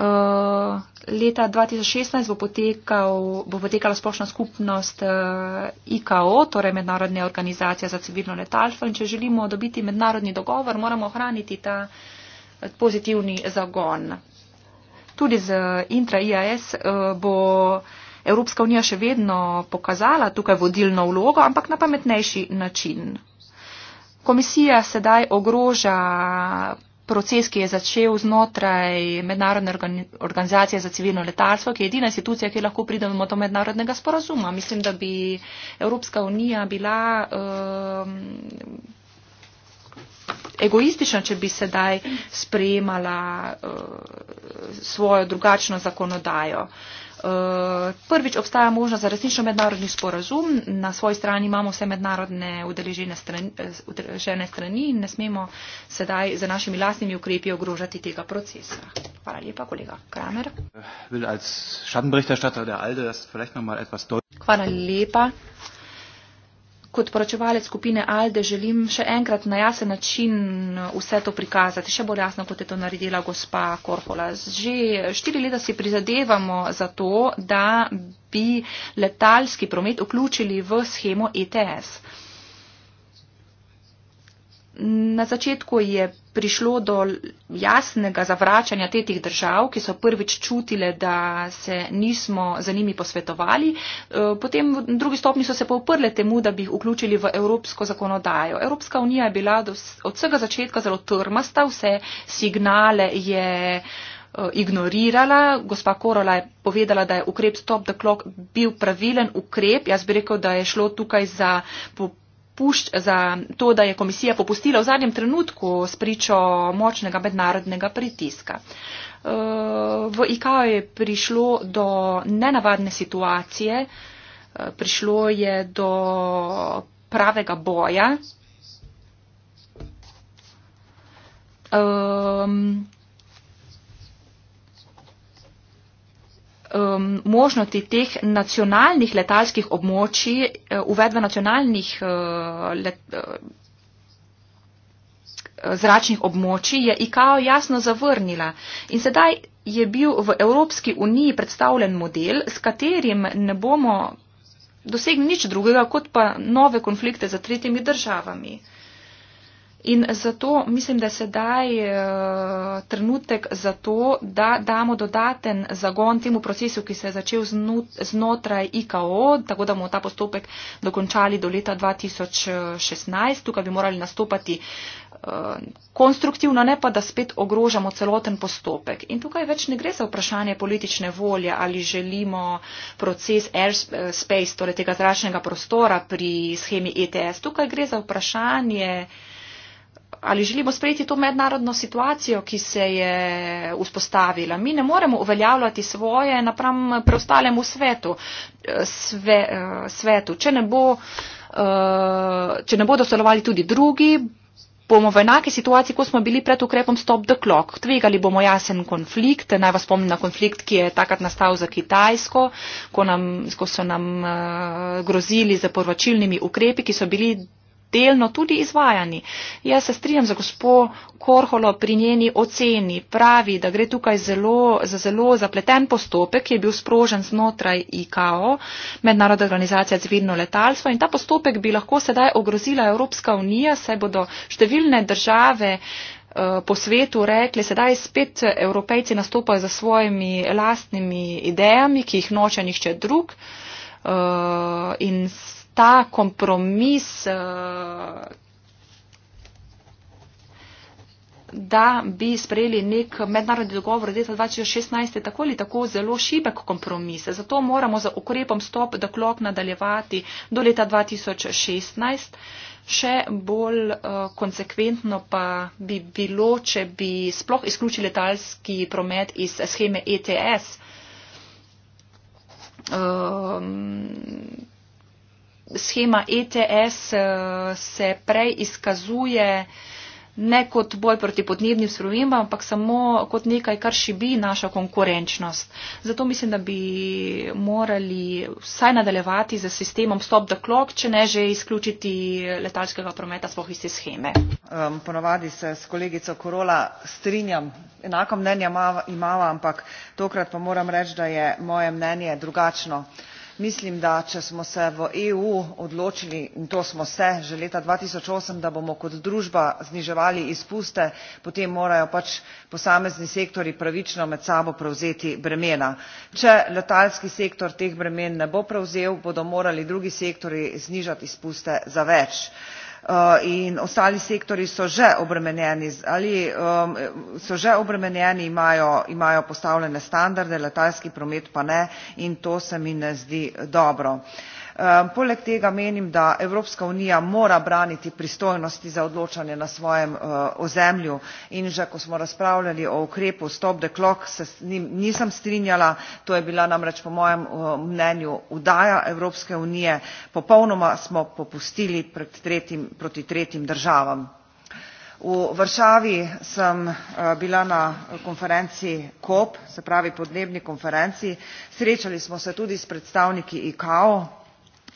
Uh, leta 2016 bo, potekal, bo potekala splošna skupnost uh, eh, IKO, torej Mednarodna organizacija za civilno letalstvo. In če želimo dobiti mednarodni dogovor, moramo ohraniti ta eh, pozitivni zagon. Tudi z intra-IAS uh, bo Evropska unija še vedno pokazala tukaj vodilno vlogo, ampak na pametnejši način. Komisija sedaj ogroža proces, ki je začel znotraj mednarodne organizacije za civilno letalstvo, ki je edina institucija, ki lahko pridemo do mednarodnega sporazuma. Mislim, da bi Evropska unija bila um, egoistična, če bi sedaj sprejemala uh, svojo drugačno zakonodajo. Uh, Eh, prvič obstaja možnost za resnično mednarodni sporazum. Na svoji strani imamo vse mednarodne udeležene strani, eh, udeležene strani in ne smemo sedaj z našimi lastnimi ukrepi ogrožati tega procesa. Hvala lepa, kolega Kramer. Hvala lepa kot poročevalec skupine Alde želim še enkrat na jasen način vse to prikazati. Še bolj jasno, kot je to naredila gospa Korhola. Že štiri leta si prizadevamo za to, da bi letalski promet vključili v schemo ETS. Na začetku je prišlo do jasnega zavračanja tetih držav, ki so prvič čutile, da se nismo za njimi posvetovali. E, potem v drugi stopni so se pa uprle temu, da bi jih vključili v evropsko zakonodajo. Evropska unija je bila od vsega začetka zelo trmasta, vse signale je e, ignorirala. Gospa Korola je povedala, da je ukrep stop the clock bil pravilen ukrep. Jaz bi rekel, da je šlo tukaj za pušč, za to, da je komisija popustila v zadnjem trenutku s pričo močnega mednarodnega pritiska. V IKO je prišlo do nenavadne situacije, prišlo je do pravega boja. Ehm, um, možnosti teh nacionalnih letalskih območij, uh, uvedva nacionalnih uh, let, uh, zračnih območij, je IKAO jasno zavrnila. In sedaj je bil v Evropski uniji predstavljen model, s katerim ne bomo dosegli nič drugega, kot pa nove konflikte za tretjimi državami. Uh, In zato mislim, da se daj eh, trenutek za to, da damo dodaten zagon temu procesu, ki se je začel znotraj IKO, tako da bomo ta postopek dokončali do leta 2016. Tukaj bi morali nastopati eh, konstruktivno, ne pa da spet ogrožamo celoten postopek. In tukaj več ne gre za vprašanje politične volje, ali želimo proces airspace, torej tega zračnega prostora pri schemi ETS. Tukaj gre za vprašanje, ali želimo sprejeti to mednarodno situacijo, ki se je vzpostavila. Mi ne moremo uveljavljati svoje napram preostalemu svetu, sve, eh, svetu. Če, ne bo, eh, če ne bodo sodelovali tudi drugi, bomo v enaki situaciji, kot smo bili pred ukrepom Stop the Clock. Tvegali bomo jasen konflikt, naj vas spomnim na konflikt, ki je takrat nastal za Kitajsko, ko, nam, ko so nam eh, grozili z poročilnimi ukrepi, ki so bili delno tudi izvajani. Jaz se strinjam za gospo Korholo pri njeni oceni. Pravi, da gre tukaj zelo, za zelo zapleten postopek, ki je bil sprožen znotraj IKO, Mednarodna organizacija civilno letalstvo in ta postopek bi lahko sedaj ogrozila Evropska unija, saj bodo številne države eh, po svetu rekli, sedaj spet evropejci nastopajo za svojimi lastnimi idejami, ki jih noče nihče drug. Eh, in ta kompromis, eh, da bi sprejeli nek mednarodni dogovor leta 2016, je tako ali tako zelo šibek kompromis. Zato moramo z ukrepom stop the clock nadaljevati do leta 2016. Še bolj uh, konsekventno pa bi bilo, če bi sploh izključili letalski promet iz scheme ETS. Um, ehm, schema ETS eh, se prej izkazuje ne kot boj proti podnebnim spremembam, ampak samo kot nekaj, kar šibi našo konkurenčnost. Zato mislim, da bi morali vsaj nadaljevati z sistemom stop the clock, če ne že izključiti letalskega prometa spoh iz te scheme. Um, ponovadi se s kolegico Korola strinjam, enako mnenje imava, ampak tokrat pa moram reči, da je moje mnenje drugačno mislim da če smo se v eu odločili in to smo se že leta dva tisoč osem da bomo kot družba zniževali izpuste potem morajo pač posamezni sektorji pravično med sabo prevzeti bremena če letalski sektor teh bremen ne bo prevzel bodo morali drugi sektorji znižati izpuste za več. Eh, in ostali sektorji so že obremenjeni ali so že obremenjeni, imajo, imajo postavljene standarde, letalski promet pa ne in to se mi ne zdi dobro. Ehm, poleg tega menim, da Evropska unija mora braniti pristojnosti za odločanje na svojem eh, ozemlju in že ko smo razpravljali o ukrepu stop the clock, se s njim nisem strinjala, to je bila namreč po mojem eh, mnenju udaja Evropske unije, popolnoma smo popustili pred tretjim, proti tretjim državam. V Varšavi sem eh, bila na konferenci COP, se pravi podnebni konferenci, srečali smo se tudi s predstavniki ICAO,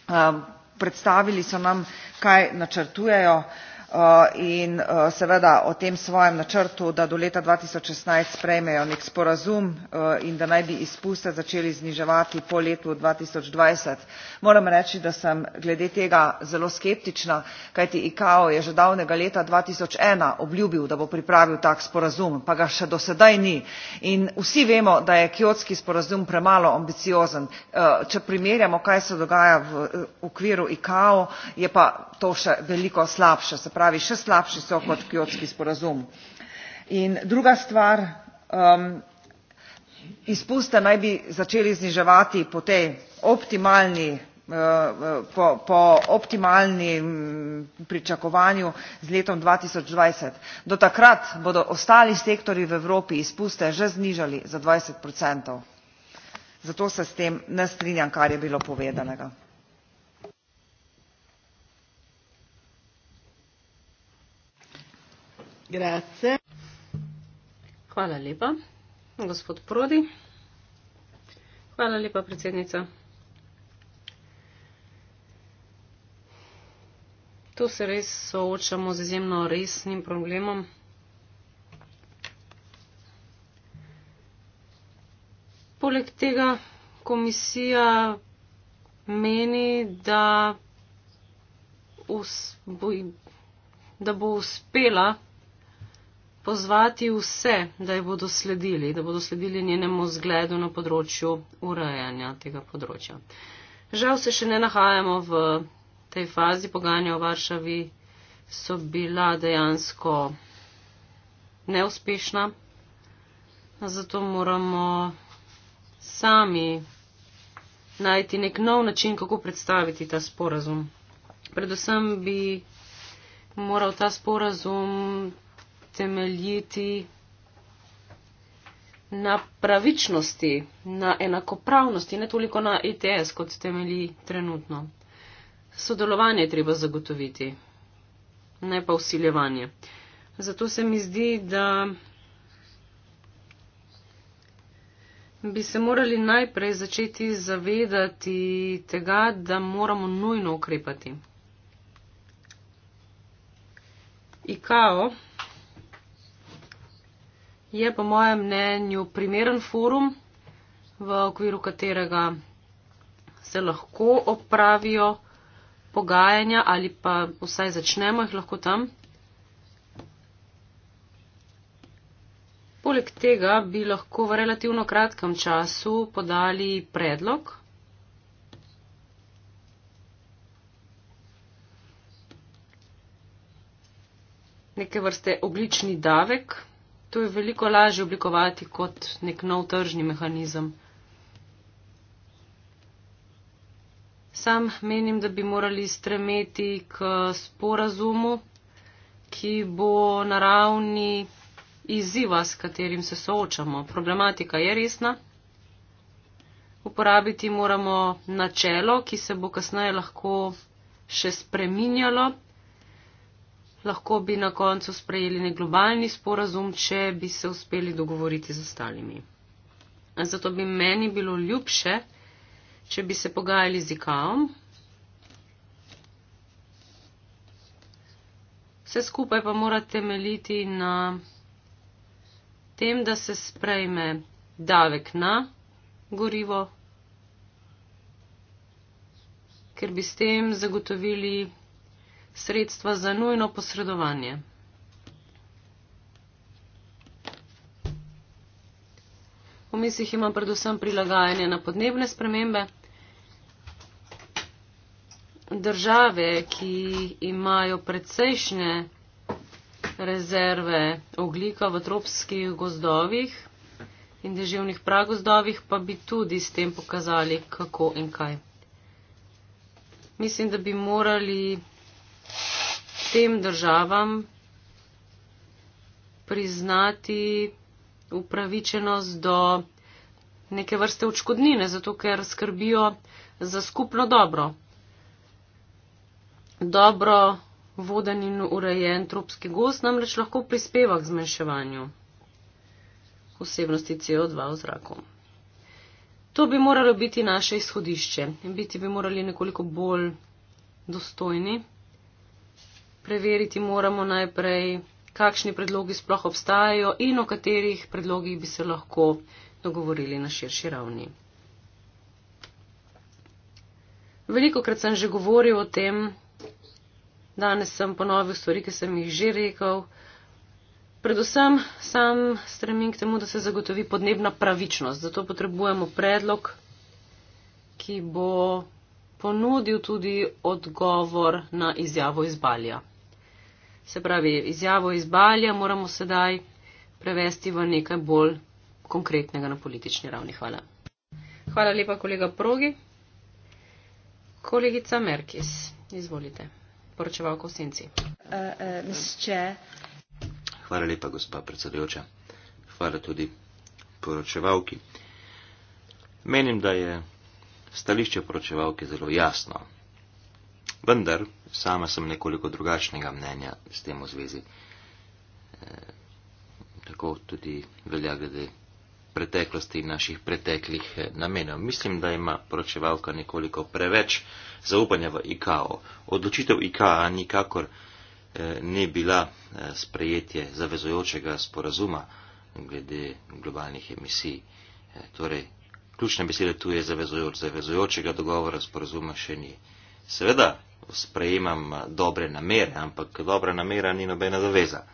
Ehm, predstavili so nam kaj načrtujejo Eh, in eh, seveda o tem svojem načrtu da do leta dva tisoč šestnajst sprejmejo nek sporazum eh, in da naj bi izpuste začeli zniževati po letu dva tisoč dvajset moram reči da sem glede tega zelo skeptična kajti icao je že davnega leta dva tisoč ena obljubil da bo pripravil tak sporazum pa ga še do sedaj ni in vsi vemo da je kjotski sporazum premalo ambiciozen če primerjamo kaj se dogaja v okviru icao je pa to še veliko slabše se pravi pravi, še slabši so kot kjotski sporazum. In druga stvar, um, izpuste naj bi začeli zniževati po tej optimalni uh, uh, Po, po optimalnem pričakovanju z letom 2020. Do takrat bodo ostali sektori v Evropi izpuste že znižali za 20 odstotkov. Zato se s tem ne strinjam, kar je bilo povedanega. Grazie. Hvala lepa, gospod Prodi. Hvala lepa, predsednica. Tu se res soočamo z izjemno resnim problemom. Poleg tega komisija meni, da, us, boj, da bo uspela pozvati vse, da jo bodo sledili, da bodo sledili njenemu zgledu na področju urejanja tega področja. Žal se še ne nahajamo v tej fazi pogajanja o Varšavi, so bila dejansko neuspešna, zato moramo sami najti nek nov način, kako predstaviti ta sporazum. Predvsem bi moral ta sporazum temeljiti na pravičnosti, na enakopravnosti, ne toliko na ETS, kot temelji trenutno. Sodelovanje je treba zagotoviti, ne pa usiljevanje. Zato se mi zdi, da bi se morali najprej začeti zavedati tega, da moramo nujno ukrepati. IKAO je po mojem mnenju primeren forum, v okviru katerega se lahko opravijo pogajanja ali pa vsaj začnemo jih lahko tam. Poleg tega bi lahko v relativno kratkem času podali predlog. neke vrste oglični davek, To je veliko lažje oblikovati kot nek nov tržni mehanizem. Sam menim, da bi morali stremeti k sporazumu, ki bo na ravni izziva, s katerim se soočamo. Problematika je resna. Uporabiti moramo načelo, ki se bo kasneje lahko še spreminjalo lahko bi na koncu sprejeli nek globalni sporazum, če bi se uspeli dogovoriti z ostalimi. Zato bi meni bilo ljubše, če bi se pogajali z IKAOM. Vse skupaj pa mora temeljiti na tem, da se sprejme davek na gorivo, ker bi s tem zagotovili sredstva za nujno posredovanje. V mislih imam predvsem prilagajanje na podnebne spremembe. Države, ki imajo precejšnje rezerve oglika v tropskih gozdovih in deževnih pragozdovih, pa bi tudi s tem pokazali, kako in kaj. Mislim, da bi morali tem državam priznati upravičenost do neke vrste očkodnine, zato ker skrbijo za skupno dobro. Dobro voden in urejen tropski gost namreč lahko prispeva k zmanjševanju vsebnosti CO2 v zraku. To bi moralo biti naše izhodišče in biti bi morali nekoliko bolj dostojni preveriti moramo najprej, kakšni predlogi sploh obstajajo in o katerih predlogih bi se lahko dogovorili na širši ravni. Veliko krat sem že govoril o tem, danes sem ponovil stvari, ki sem jih že rekel. Predvsem sam stremim k temu, da se zagotovi podnebna pravičnost. Zato potrebujemo predlog, ki bo ponudil tudi odgovor na izjavo iz Balja se pravi, izjavo iz Balja moramo sedaj prevesti v nekaj bolj konkretnega na politični ravni. Hvala. Hvala lepa, kolega Progi. Kolegica Merkis, izvolite. Poročevalko v senci. Uh, uh, Hvala lepa, gospa predsedujoča. Hvala tudi poročevalki. Menim, da je stališče poročevalke zelo jasno. Vendar, sama sem nekoliko drugačnega mnenja s tem v zvezi. E, tako tudi velja glede preteklosti in naših preteklih eh, namenov. Mislim, da ima poročevalka nekoliko preveč zaupanja v IKO. Odločitev IKO nikakor eh, e, ni bila e, sprejetje zavezojočega sporazuma glede globalnih emisij. E, torej, ključna beseda tu je zavezojoč, zavezojočega dogovora sporazuma še ni. Seveda, sprejemam dobre namere, ampak dobra namera ni nobena zaveza.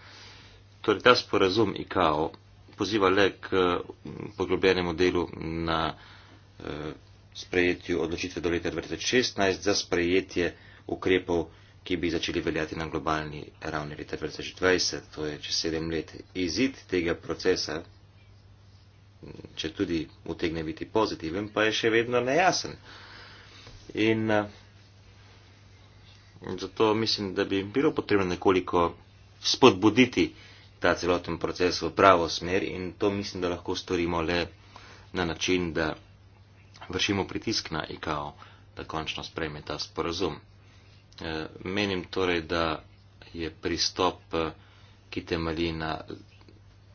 Torej, ta sporazum IKO poziva le k mm, poglobljenemu delu na eh, sprejetju odločitve do leta 2016 za sprejetje ukrepov, ki bi začeli veljati na globalni ravni leta 2020, to je čez sedem let. Izid tega procesa, če tudi utegne biti pozitiven, pa je še vedno nejasen. In eh, Zato mislim, da bi bilo potrebno nekoliko spodbuditi ta celoten proces v pravo smer in to mislim, da lahko storimo le na način, da vršimo pritisk na IKO, da končno sprejme ta sporazum. E, menim torej, da je pristop, e, ki temelji na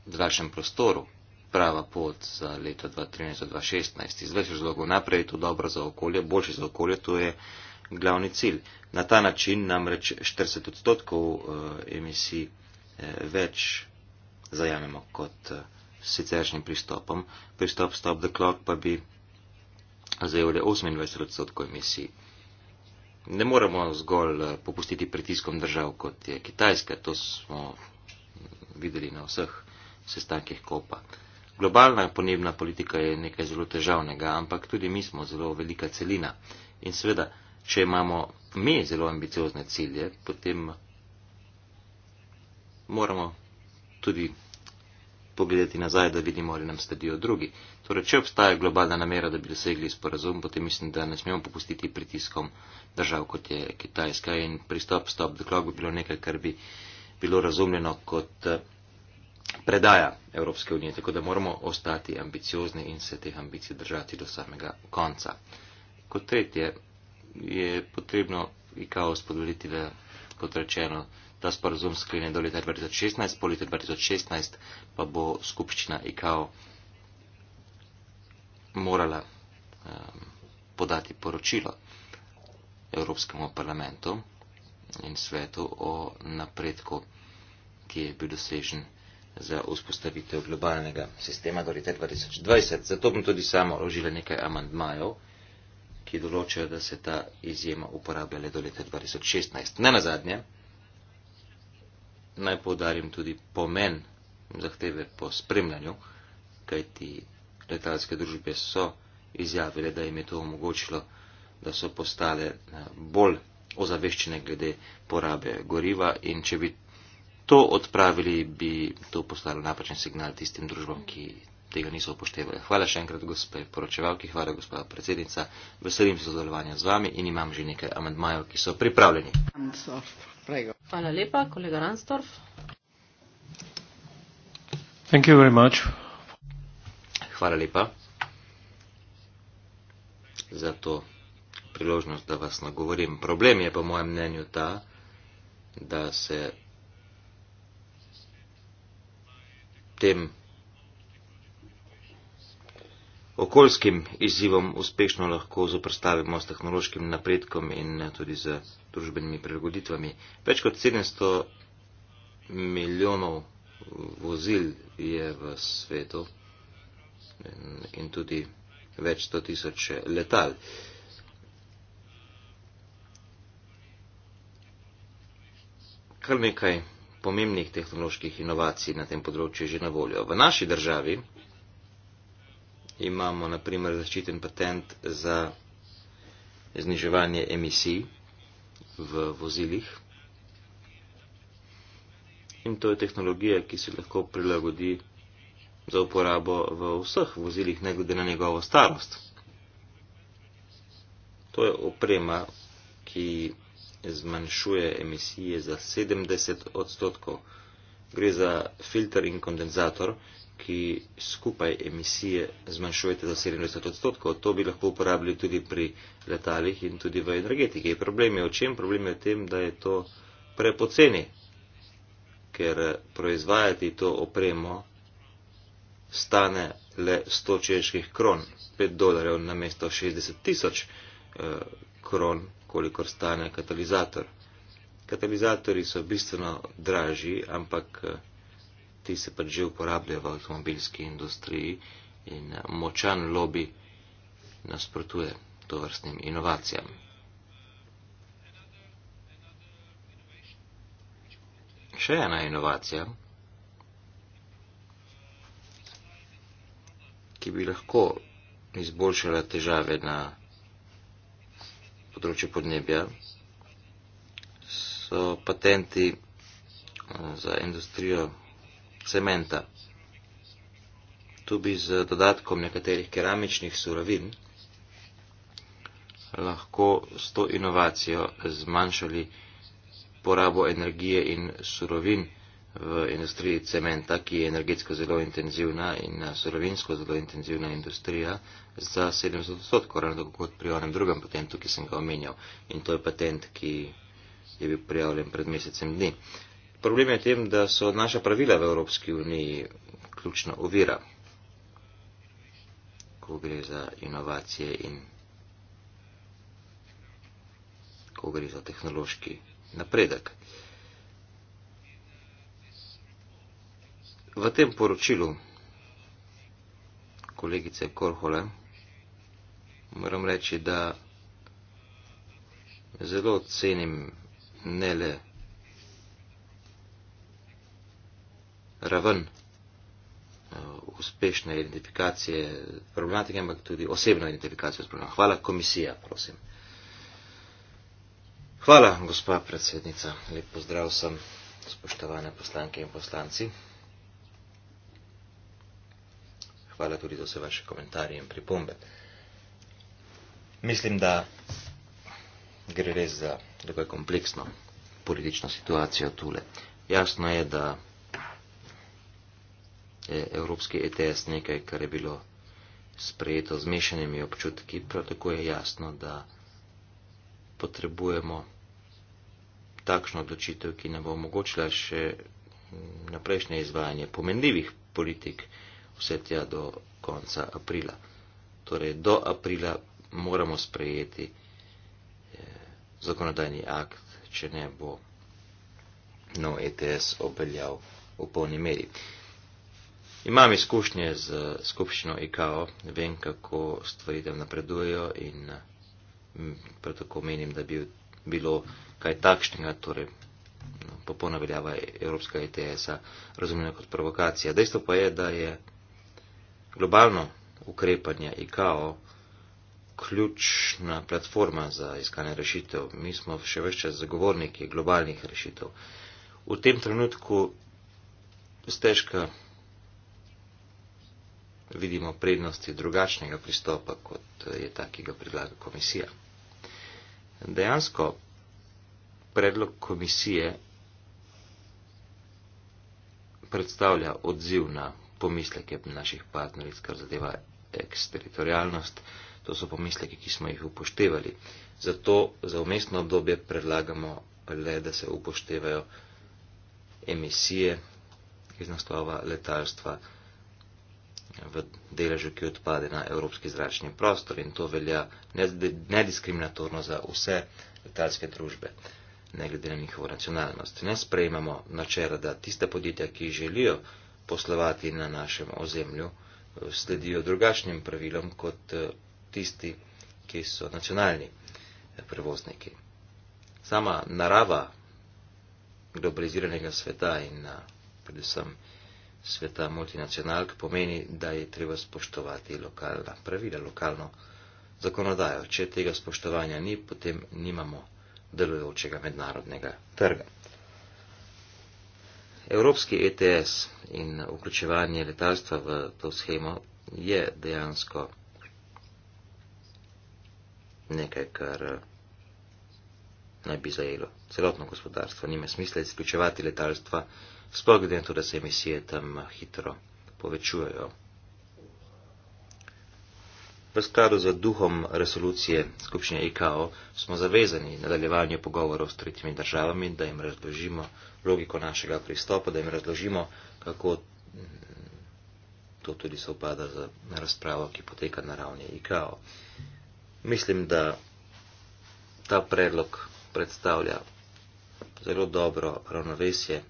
zračnem prostoru, prava pot za leto 2013-2016. Iz več razlogov naprej je to dobro za okolje, boljše za okolje, to je glavni cilj. Na ta način namreč 40 odstotkov eh, emisij eh, več zajamemo kot eh, s siceršnjim pristopom. Pristop Stop the Clock pa bi zajel le 28 odstotkov emisij. Ne moremo zgolj popustiti pritiskom držav, kot je Kitajska, to smo videli na vseh sestankih kopa. Globalna ponebna politika je nekaj zelo težavnega, ampak tudi mi smo zelo velika celina. In seveda, če imamo mi zelo ambiciozne cilje, potem moramo tudi pogledati nazaj, da vidimo, ali nam sledijo drugi. Torej, če obstaja globalna namera, da bi dosegli sporazum, potem mislim, da ne smemo popustiti pritiskom držav, kot je Kitajska. In pristop stop the clock bi bilo nekaj, kar bi bilo razumljeno kot eh, predaja Evropske unije. Tako da moramo ostati ambiciozni in se teh ambicij držati do samega konca. Kot tretje, je potrebno ICAO spodbuditi v, kot rečeno, ta sporozum sklenjen do leta 2016, po leta 2016 pa bo skupščina ICAO morala um, podati poročilo Evropskemu parlamentu in svetu o napredku, ki je bil dosežen za vzpostavitev globalnega sistema do leta 2020. Zato bom tudi samo rožila nekaj amandmajev ki določajo, da se ta izjema uporablja le do leta 2016. Ne na zadnje, naj povdarim tudi pomen zahteve po spremljanju, kajti letalske družbe so izjavile, da jim je to omogočilo, da so postale eh, bolj ozaveščene glede porabe goriva in če bi to odpravili, bi to poslalo napačen signal tistim družbam, ki tega niso upoštevali. Hvala še enkrat, gospe poročevalki, hvala, gospa predsednica. Veselim se sodelovanja z vami in imam že nekaj amandmajev, ki so pripravljeni. Hvala lepa, kolega Ransdorf. Hvala lepa za to priložnost, da vas nagovorim. Problem je po mojem mnenju ta, da se tem okoljskim izzivom uspešno lahko zoprstavimo s tehnološkim napredkom in eh, tudi z družbenimi prilagoditvami. Več kot 700 milijonov eh, vozil je v svetu in, in tudi več sto tisoč eh, letal. Kar nekaj pomembnih tehnoloških inovacij na tem področju je že na voljo. V naši državi imamo naprimer zaščiten patent za zniževanje emisij v vozilih. In to je tehnologija, ki se lahko prilagodi za uporabo v vseh vozilih, ne glede na njegovo starost. To je oprema, ki zmanjšuje emisije za 70 odstotkov. Gre za filter in kondenzator, ki skupaj emisije zmanjšujete za 70 odstotkov. To bi lahko uporabili tudi pri letalih in tudi v energetiki. Problem je v čem? Problem je v tem, da je to prepoceni, ker proizvajati to opremo stane le 100 čeških kron, 5 dolarjev na mesto 60 tisoč eh, kron, kolikor stane katalizator. Katalizatori so bistveno dražji, ampak eh, ti se pač že uporabljajo v avtomobilski industriji in eh, močan lobby nasprotuje to vrstnim inovacijam. Še ena inovacija, ki bi lahko izboljšala težave na področju podnebja, so patenti eh, za industrijo cementa. Tudi z dodatkom nekaterih keramičnih surovin lahko s to inovacijo zmanjšali porabo energije in surovin v industriji cementa, ki je energetsko zelo intenzivna in surovinsko zelo intenzivna industrija, za 70 odstotkov, ravno tako kot pri onem drugem patentu, ki sem ga omenjal. In to je patent, ki je bil prijavljen pred mesecem dni. Uh, Problem je v tem, da so naša pravila v Evropski uniji ključna ovira, ko gre za inovacije in ko gre za tehnološki napredek. V tem poročilu kolegice Korhole moram reči, da zelo cenim ne le. raven eh, uspešne identifikacije problematike, ampak tudi osebno identifikacijo s problematikom. Hvala, komisija, prosim. Hvala, gospa predsednica. Lep pozdrav sem, spoštovane poslanke in poslanci. Hvala tudi za vse vaše komentarje in pripombe. Mislim, da gre res za tako kompleksno politično situacijo tule. Jasno je, da E, evropski ETS nekaj, kar je bilo sprejeto z mešanimi občutki, prav tako je jasno, da potrebujemo takšno odločitev, ki ne bo omogočila še na prejšnje izvajanje pomenljivih politik vse tja do konca aprila. Torej, do aprila moramo sprejeti e, zakonodajni akt, če ne bo nov ETS obveljal v polni meri. Imam izkušnje z skupščino IKO, vem, kako stvari tam napredujejo in prav tako menim, da bi bilo kaj takšnega, torej no, popolna veljava Evropska ETS-a, razumljena kot provokacija. Dejstvo pa je, da je globalno ukrepanje IKO ključna platforma za iskanje rešitev. Mi smo še več čas zagovorniki globalnih rešitev. V tem trenutku stežka vidimo prednosti drugačnega pristopa, kot je takega predlaga komisija. Dejansko predlog komisije predstavlja odziv na pomisleke naših partneric, kar zadeva eksteritorijalnost. To so pomisleke, ki smo jih upoštevali. Zato za umestno obdobje predlagamo le, da se upoštevajo emisije iz naslova letalstva v deležu, ki odpade na evropski zračni prostor in to velja nediskriminatorno za vse letalske družbe, ne glede na njihovo nacionalnost. Ne sprejmamo načela, da tiste podjetja, ki želijo poslovati na našem ozemlju, sledijo drugačnim pravilom kot tisti, ki so nacionalni prevozniki. Sama narava globaliziranega sveta in predvsem sveta multinacionalk pomeni, da je treba spoštovati lokalna pravila, lokalno zakonodajo. Če tega spoštovanja ni, potem nimamo delujočega mednarodnega trga. Evropski ETS in vključevanje letalstva v to schemo je dejansko nekaj, kar eh, naj bi zajelo celotno gospodarstvo. Nima smisla izključevati letalstva sploh glede na to, da se emisije tam hitro povečujejo. V skladu z duhom resolucije skupščine IKO smo zavezani nadaljevanju pogovorov s tretjimi državami, da jim razložimo logiko našega pristopa, da jim razložimo, kako to tudi se upada z razpravo, ki poteka na ravni IKO. Mislim, da ta predlog predstavlja zelo dobro ravnovesje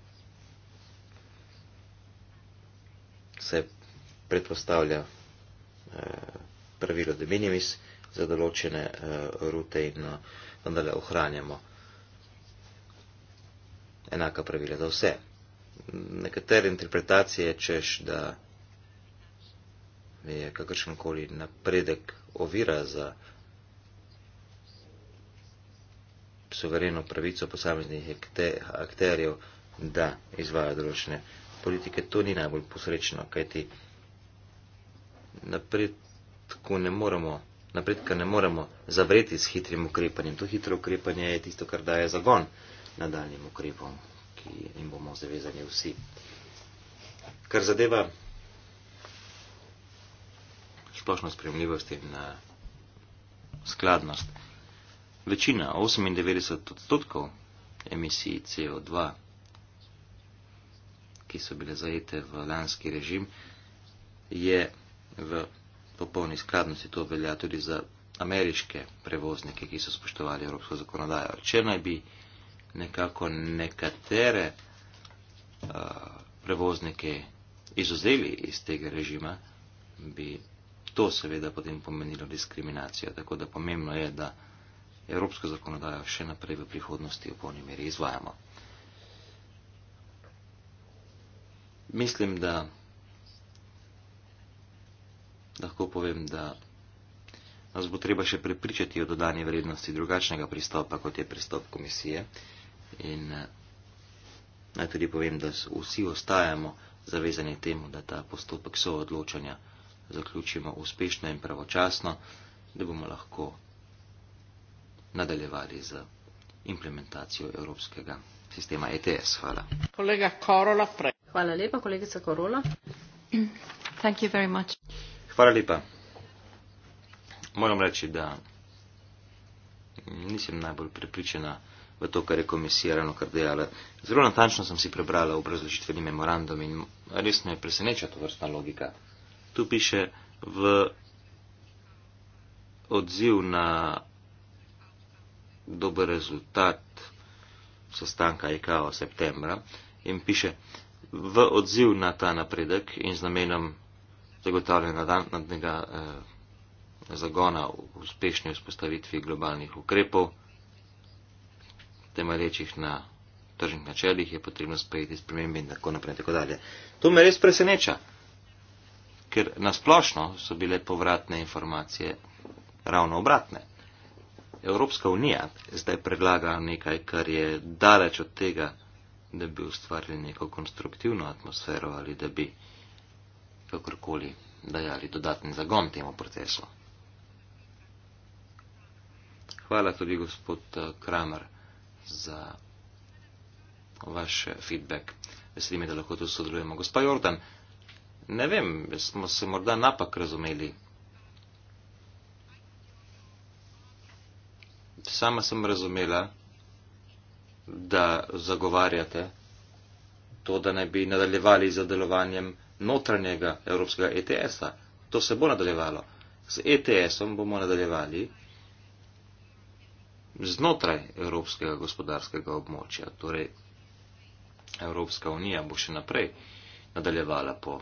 se predpostavlja eh, pravilo de minimis za določene eh, rute in eh, vendarle ohranjamo enaka pravila za vse. Nekatere interpretacije češ, da je kakršenkoli napredek ovira za suvereno pravico posameznih akterjev, da izvaja določene politike to ni najbolj posrečno, kajti napredka ne, ne moremo zavreti s hitrim ukrepanjem. To hitro ukrepanje je tisto, kar daje zagon nadaljnim ukrepom, ki jim bomo zavezani vsi. Kar zadeva splošno spremljivost in eh, skladnost. Večina, 98 odstotkov emisij CO2 ki so bile zajete v lanski režim, je v popolni skladnosti to velja tudi za ameriške prevoznike, ki so spoštovali evropsko zakonodajo. Če naj bi nekako nekatere uh, prevoznike izuzeli iz tega režima, bi to seveda potem pomenilo diskriminacijo. Tako da pomembno je, da evropsko zakonodajo še naprej v prihodnosti v polni meri izvajamo. mislim, da lahko povem, da nas bo treba še prepričati o dodani vrednosti drugačnega pristopa, kot je pristop komisije. In eh, naj tudi povem, da vsi ostajamo zavezani temu, da ta postopek soodločanja zaključimo uspešno in pravočasno, da bomo lahko nadaljevali z implementacijo evropskega sistema ETS. Hvala. Kolega Korola, prej. Hvala lepa, kolegica Korola. Hvala lepa. Moram reči, da nisem najbolj prepričana v to, kar je komisija ravno kar dejala. Zelo natančno sem si prebrala obrazložitveni memorandum in res me preseneča to vrstna logika. Tu piše v odziv na dober rezultat sestanka IKO septembra in piše, v odziv na ta napredek in z namenom zagotavljanja nadnega eh, zagona v uspešni vzpostavitvi globalnih ukrepov, tema rečih na tržnih načelih je potrebno sprejeti spremembe in tako naprej. Tako to me res preseneča, ker nasplošno so bile povratne informacije ravno obratne. Evropska unija zdaj predlaga nekaj, kar je daleč od tega, da bi ustvarili neko konstruktivno atmosfero ali da bi kakorkoli dajali dodatni zagon temu procesu. Hvala tudi gospod eh, Kramer za vaš feedback. Veselim me, da lahko tu sodelujemo. Gospa Jordan, ne vem, smo se morda napak razumeli. Sama sem razumela, da zagovarjate to, da ne bi nadaljevali z delovanjem notranjega evropskega ETS-a. To se bo nadaljevalo. Z ETS-om bomo nadaljevali znotraj evropskega gospodarskega območja. Torej, Evropska unija bo še naprej nadaljevala po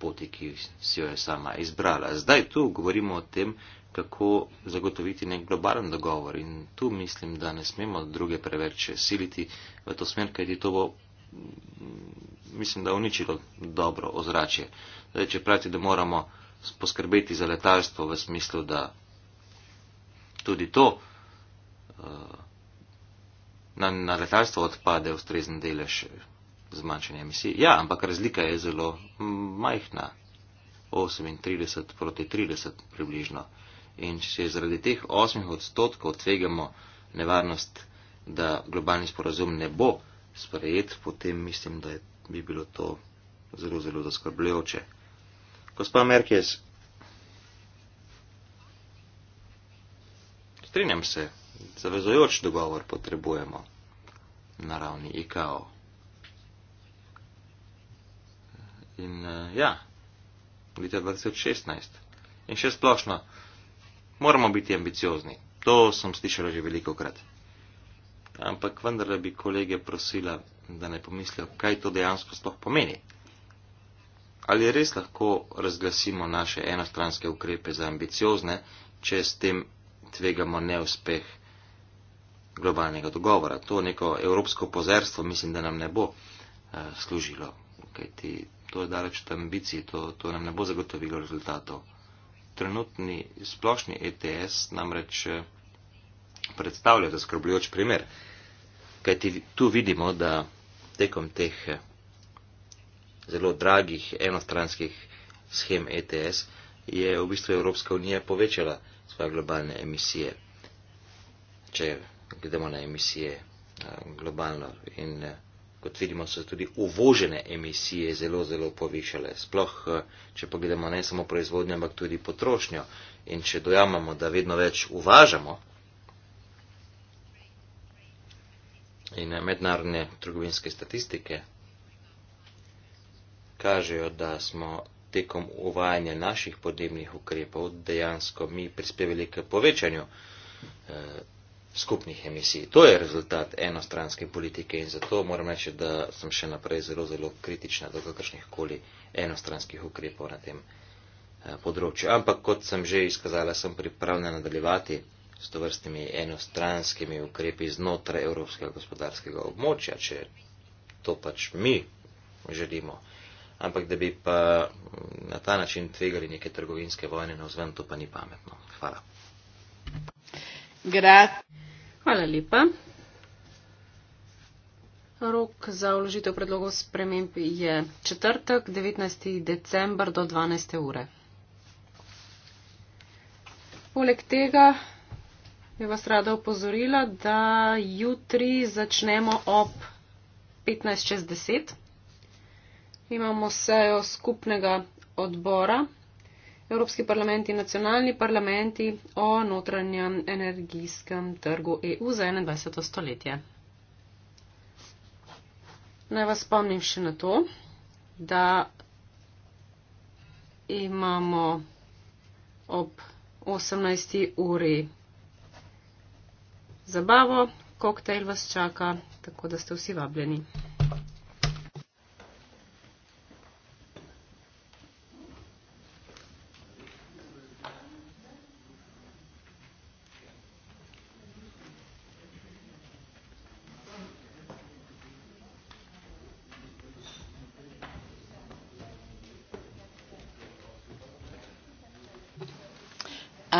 poti, ki si jo je sama izbrala. Zdaj tu govorimo o tem, kako zagotoviti nek globalen dogovor. In tu mislim, da ne smemo druge preveč siliti v to smer, kajti to bo, mm, mislim, da uničilo dobro ozračje. Zdaj, če pravite, da moramo poskrbeti za letalstvo v smislu, da tudi to eh, na, na letalstvo odpade ustrezen delež zmanjšanja emisij. Ja, ampak razlika je zelo majhna. 38 proti 30 približno. In če se zaradi teh osmih odstotkov tvegamo nevarnost, da globalni sporazum ne bo sprejet, potem mislim, da je, bi bilo to zelo, zelo zaskrbljujoče. Gospa Merkez, strinjam se, zavezojoč dogovor potrebujemo na ravni IKO. In eh, ja, leta 2016. In še splošno. Moramo biti ambiciozni. To sem slišala že veliko krat. Ampak vendarle bi kolege prosila, da ne pomislijo, kaj to dejansko sploh pomeni. Ali res lahko razglasimo naše enostranske ukrepe za ambiciozne, če s tem tvegamo neuspeh globalnega dogovora? To neko evropsko pozerstvo mislim, da nam ne bo uh, služilo, kajti to je daleč od ambicij, to, to nam ne bo zagotovilo rezultatov trenutni splošni ETS namreč eh, predstavlja zaskrbljujoč primer, kajti tu vidimo, da tekom teh eh, zelo dragih enostranskih schem ETS je v bistvu Evropska unija povečala svoje globalne emisije. Če gledamo na emisije eh, globalno in kot vidimo, so tudi uvožene emisije zelo, zelo povišale. Sploh, eh, če pogledamo ne samo proizvodnjo, ampak tudi potrošnjo in če dojamemo, da vedno več uvažamo in eh, mednarodne trgovinske statistike kažejo, da smo tekom uvajanja naših podnebnih ukrepov dejansko mi prispevali k povečanju. Eh, skupnih emisij. To je rezultat enostranske politike in zato moram reči, da sem še naprej zelo, zelo kritična do kakršnih koli enostranskih ukrepov na tem eh, področju. Ampak kot sem že izkazala, sem pripravljena nadaljevati s to vrstimi enostranskimi ukrepi znotraj Evropskega gospodarskega območja, če to pač mi želimo. Ampak da bi pa na ta način tvegali neke trgovinske vojne na vzven, to pa ni pametno. Hvala. Grazie. Hvala lepa. Rok za vložitev predlogov sprememb je četrtek, 19. december do 12. ure. Poleg tega bi vas rada opozorila, da jutri začnemo ob 15.60. Imamo sejo skupnega odbora Evropski parlament in nacionalni parlamenti o notranjem energijskem trgu EU za 21. stoletje. Naj vas spomnim še na to, da imamo ob 18. uri zabavo, koktejl vas čaka, tako da ste vsi vabljeni.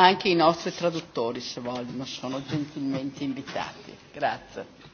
anche i nostri traduttori se vogliono sono gentilmente invitati.